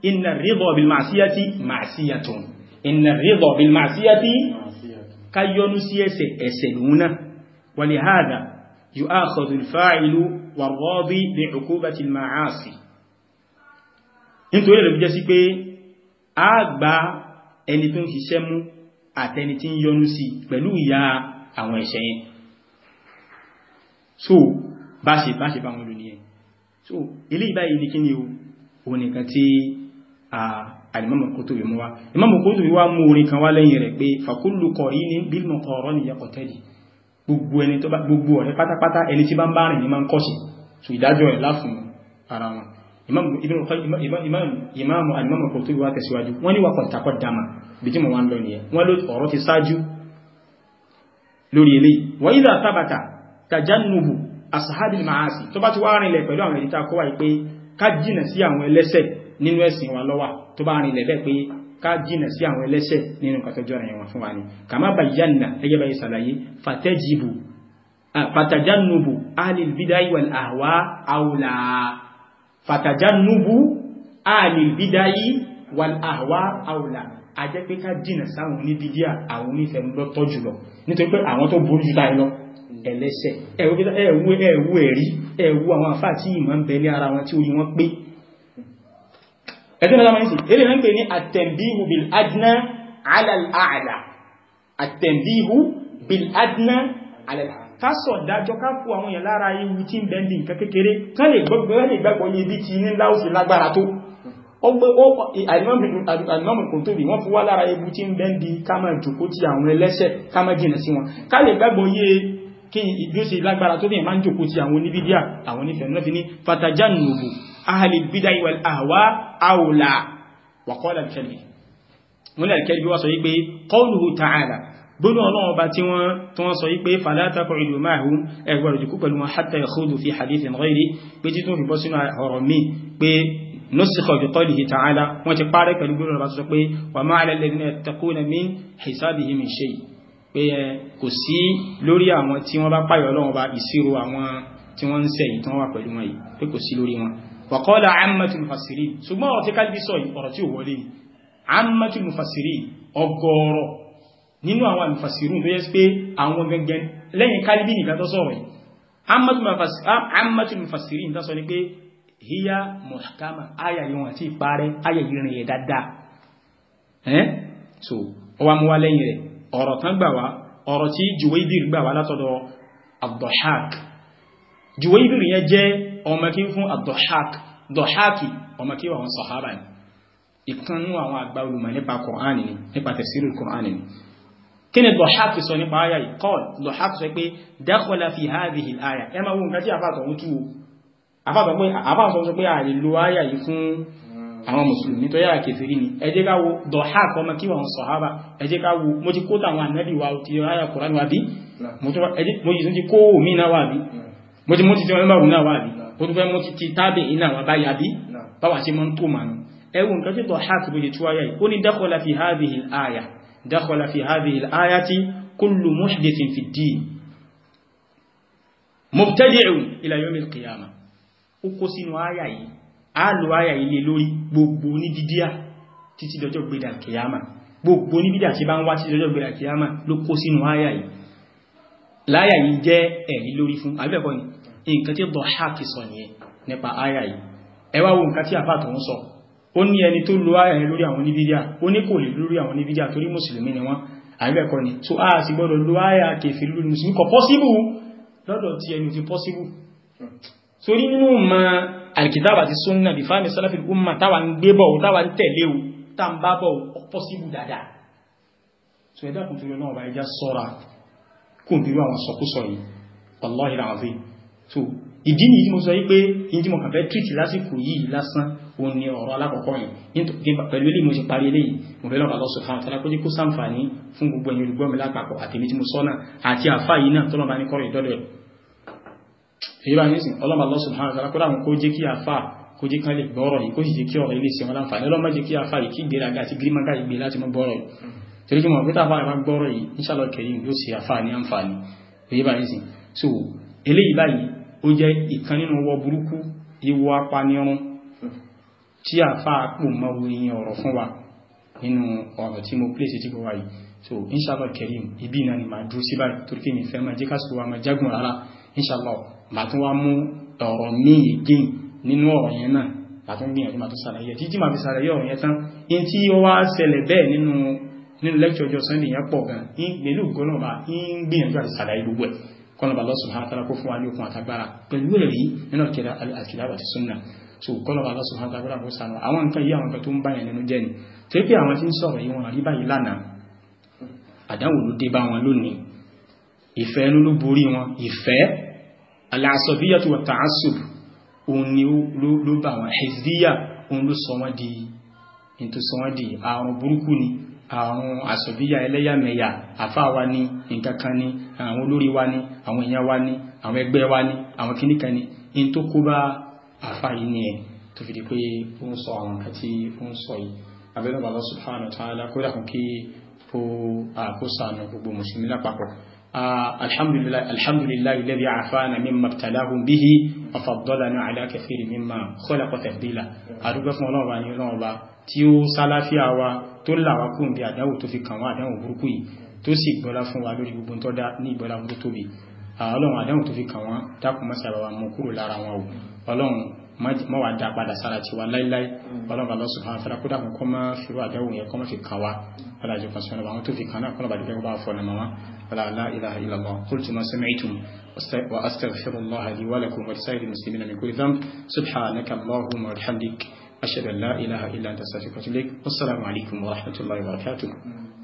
inna ridọ̀ bil màsíyàtì màsíyàtùn inna ridọ̀ bil màsíyàtì káyọnú sí ẹsẹ̀ ẹsẹ̀ lòun náà wàlẹ̀ hádà yóò áàkọ̀dù fáìlú wà rọ́bí bí òkúbàtì màásì nítorí ẹ̀lẹ́bí jẹ́ sí pé a gba ẹni tó ń ṣiṣẹ́ mú àtẹni tí ń yọnú sí pẹ̀lú ìyà àwọn ẹ̀ṣẹ̀ yẹn so bá ṣe bá ṣe bá wọn lò nìyẹn so ilé ìbáyìí ní kí o òun nìkan alimamu kutubi mu wa imamu kutubi wa mú orin kan wá lẹ́yìn rẹ̀ pé fakulu qarinin bil muqarani yaqtadi gbogbo ẹni tó bá gbogbo ọ̀rẹ́ pátápátá ẹni tí bá ń bá rìn ní máa ń kọ́sì tó ìdájọ́ ẹ̀ láfún ara wọn imamu alimamu kutubi wa tẹ̀síwájú wọ́n ní wa kọ̀tàkọ̀ dama bí tí mo wá ń lọ nìyẹn wọ́n ló ọ̀rọ̀ ti ṣáájú lórí eléyìí wa idha thabata tajannubu ashabil ma'asi tó bá ti wá rìnlẹ̀ pẹ̀lú àwọn ìdíta kọ́wà pé nínú ẹ̀sìn wọn lọ́wà tó bá rìnlẹ̀ bẹ́ẹ̀ pé ká jìnà sí àwọn ẹlẹ́ṣẹ̀ nínú kàtọ́jọ́ rẹ̀ wọn fún wa ni kàmá bayyana ẹgẹ́ báyìí sàlàyé fatajibu fatajannubu alil bidai wal ahwa aula fatajannubu alil bidai wal ahwa aula a jẹ́ pé ká jìnà sáwọn oníbídíà àwọn onífẹ̀múlọ́tọ́ jùlọ nítorí pé àwọn tó burú jù táyé lọ ẹlẹ́ṣẹ̀ ẹ̀wú ẹ̀rí ẹ̀wú àwọn afáà tí ìmọ̀ ń bẹ ní ara wọn tí orí wọn pé ẹ̀tí ọ̀nà mọ́sí ilé náà ń pè ní àtẹ̀bíhù bil adna alàlàálà àtẹ̀bíhù bil adna alàlàálà kásọ̀ dájọ́ ká fún àwọn èèyàn lára ewu tí ń bẹ́ndì nǹkan kékeré kán lè gbọ́gbọ́ ní ibi tí ní láòsì lágbára tó àìmọ́mùkùn tó bí wọ́n fún wá lára ewu tí ń bẹ́ndì ká máa jòkó ti àwọn ẹlẹ́ṣẹ̀ ká máa jìnà sí wọn ká lè gbàgbọ́ yé أهل البدع والأهواء أولى وقال الكلبي من الكلبي وصيب قوله تعالى gbónú ọlọ́run bá tí wọ́n tí wọ́n sọ wípé fàlátàkọ̀ ìlú máa hùn ẹgbẹ̀rẹ̀ jùkú pẹ̀lú wọn hátà ìkúdù fi hadith ìrìnrìn pé tí tún fìbọ́ sínú ọ̀rọ̀ mi pé nọ́síkọ̀ ìkọlì ta'ala wọ́n ti parẹ́ pẹ̀lú gbónú ọlọ́run bá sọ pé wà máa alẹ́lẹ́rin ẹ̀tẹ̀kúnà min hisabihi min shay pé kò sí lórí àwọn tí wọ́n bá páyọ̀ ọlọ́run bá ìṣirò àwọn tí wọ́n ń sẹ̀yìn tí wọ́n wà pẹ̀lú wọn yìí pé kò sí lórí wàkọ́lá ammatul mufassirin ṣùgbọ́n ọ̀rọ̀ tí kálbí sọ ọ̀rọ̀ tí ó wọlé ni ammatul mufassirin ọgọ́rọ̀ nínú àwọn mufassirun tó yẹ pé àwọn gẹ́gẹ́ lẹ́yìn kálbí nìkan tó sọ̀rọ̀ yìí ammatul mufassirin tó sọ ni pé hiya muhkama aya yìí wọn ti parẹ́ aya yìí rìn yẹ dáadáa ẹ́n so ọmọkí fún àdọ̀háàkì ọmọkí àwọn sọ̀hábà ni ìkanú àwọn àgbà olùmọ̀ nípa Kùránì ni nípa tẹ̀sírù Kùránì ni kí ni dọ̀háàkì sọ nípa ayà ìkọ́l dọ̀háàkì sọ pé dákọ́lá fi hadhihi ayà ẹ máa wo nǹkan tí àfàtọ̀ ń tú àfàtọ̀ sọ pé àlè lo ayà yìí fún àwọn mùsùlùmí tó yára kèfèrí ni ẹ jẹ́ ká wo dọ̀háàkì ọmọ kí wọn sọ̀hábà ẹ jẹ́ ká wo mo ti tí wọn bá náà wa bí orúfẹ́ mú títí tábì iná àwọn abáyà bí báwa ṣe mọ́ ń tó mànú ẹwù nǹkan tó hàt bó ṣe tú ayá yìí ó ní dakhala fi hadhihi al-aya dakhala fi hadhihi al-ayati kullu muhdithin fi ddin mubtadi'un ila yawm al-qiyamah ó kó sínú ayá yìí á lo ayá gbogbo ní dídíà títí dọjọ́ gbéra kìyàmà gbogbo ní bídà tí bá ń wá títí dọjọ́ gbéra kìyàmà ló kó sínú ayá yìí láyà yìí jẹ́ ẹ̀rí lórí fún àbẹ́ẹ̀kọ́ nǹkan tí dọ̀háàkì sọ nìyẹn nípa àyà yìí ẹ wá wo nǹkan tí àfà tó ń sọ ó ní ẹni tó lo àyà yẹn lórí àwọn oníbídíà ó ní kò lè lórí àwọn oníbídíà torí mùsùlùmí ni wọ́n àríbẹ̀kọ́ ni tó a sì gbọ́dọ̀ lo àyà kèfì lórí mùsùlùmí kò pọ́síbù lọ́dọ̀ ti ẹni ti pọ́síbù torí nínú mọ alkitab àti sunna bí fáàmì sálàfì umma táwa ń gbé bọ̀ táwa ń tẹ̀lé o tá ń bá bọ̀ pọ́síbù dáadáa so ẹ̀dá kùnfìrí náà ọba ẹja sọ́ra kùnfìrí àwọn sọkúsọ yìí wallahi alazim so ìdí nìyí mo sọ wípé ìdí mo kàn fẹ́ treat lásìkò yìí lásán o ní ọ̀rọ̀ alákọ̀ọ́kọ́ yìí pẹ̀lú ilé mo ṣe parí eléyìí mo bẹ̀rẹ̀ ọ̀rọ̀ lọ́sọ̀ fún àtàlá kójí kó sàǹfààní fún gbogbo ẹ̀yin olùgbọ́ mi lápapọ̀ àtèmi tí mo sọ náà àti àfá yìí náà tọ́lọ́ba ní kọ́rọ̀ ìdọ́dọ̀ èyí bá nísìn ọlọ́ba lọ́sọ̀ fún àtàlá kó dáhùn kó jẹ́ kí àfá kó jẹ́ kán lè gbọ́rọ̀ yìí kó sì jẹ́ kí ọ̀rọ̀ ilé ìsìn ọlọ́nfààní ọlọ́mọ jẹ́ kí àfá yìí kí gbéraga àti gírímọ́gá yìí gbé láti mọ́ gbọ́rọ̀ yìí torí kí mo pé tàfá yìí bá gbọ́rọ̀ yìí inshallah kẹrin yóò ṣe àfá ní àǹfààní èyí bá nísìn so eléyìí báyìí ó jẹ́ ìkan nínú wọ burúkú ìwọ apanirun tí àfáà pò mọ́ oyin ọ̀rọ̀ fún wa nínú ọ̀rọ̀ tí mo pèsè tí kò wá so inshallah kerim ibi náà ni màá dúró sí báyìí torí kí mi inshallah màá tún wá mú ọ̀rọ̀ míì again nínú ọ̀rọ̀ yẹn náà màá tún gbìyànjú màá tún ṣàlàyé títí màá fi ṣàlàyé ọ̀rọ̀ in tí ó wá ṣẹlẹ̀ bẹ́ẹ̀ nínú nínú lecture ọjọ́ sunday yẹn pọ̀ gan-an pẹ̀lú ògbọ́n bá ń gbìyànjú àti ṣàlàyé gbogbo ẹ̀ kọ́nà bá lọ́sùn hàn tàbí fún wa ní okun àtagbára pẹ̀lú ẹ̀rí so kọ́nà bá lọ́sùn hàn tàbí fún sànà àwọn nǹkan yìí àwọn nǹkan tó ń bá yẹn nínú ni tó pé àwọn tí ń sọ̀rọ̀ yìí wọn rí báyìí lánàá àdánwò ló dé bá wọn lónìí ìfẹ́ ló ló borí wọn ìfẹ́ aláàsọ̀bíyà tó wà tààsùb ẹlẹ́yàmẹ̀yà àfáà wa ni nǹkan àwọn olórí wa àwọn èèyàn wa ní àwọn ẹgbẹ́ wa ní àwọn kìnnìkan ní in tó kó bá àfa yìí ni ẹ̀ tó fi di pé ó ń sọ àwọn nǹkan tí ó ń sọ yìí abẹ́rẹ́ bàbá subhanahu wa ta'ala kó dàkún kí ó àkóṣàánú gbogbo mùsùlùmí lápapọ̀ alhamdulillahi alhamdulillahi alladhi afana mimma ibtalahum bihi wa faddalana ala kathirin mimma khalaqa tafdila àdúgbò fún ọlọ́ọ̀bá ní ọlọ́ọ̀bá tó sì gbọ́lá fún wa lórí gbogbo tó dá ní ìgbọ́lá burú tóbi Ah, ọlọ́run àdáhùn tó fi kàn wọ́n dákun mọ́ sábà wa mú kúrò lára wọn o ọlọ́run mọ́ wàá dá padà sára tiwa láíláí ọlọ́run bá lọ́sùn fún afẹ́rẹ́ kó dákun kọ́ máa fi rú àdáhùn yẹn kọ́ máa fi kàn wá ọlọ́run kan sí àwọn tó fi kàn náà kọ́nà bàdúgbẹ́ bá fọ́ ọ̀nà mọ́wá ọlọ́run la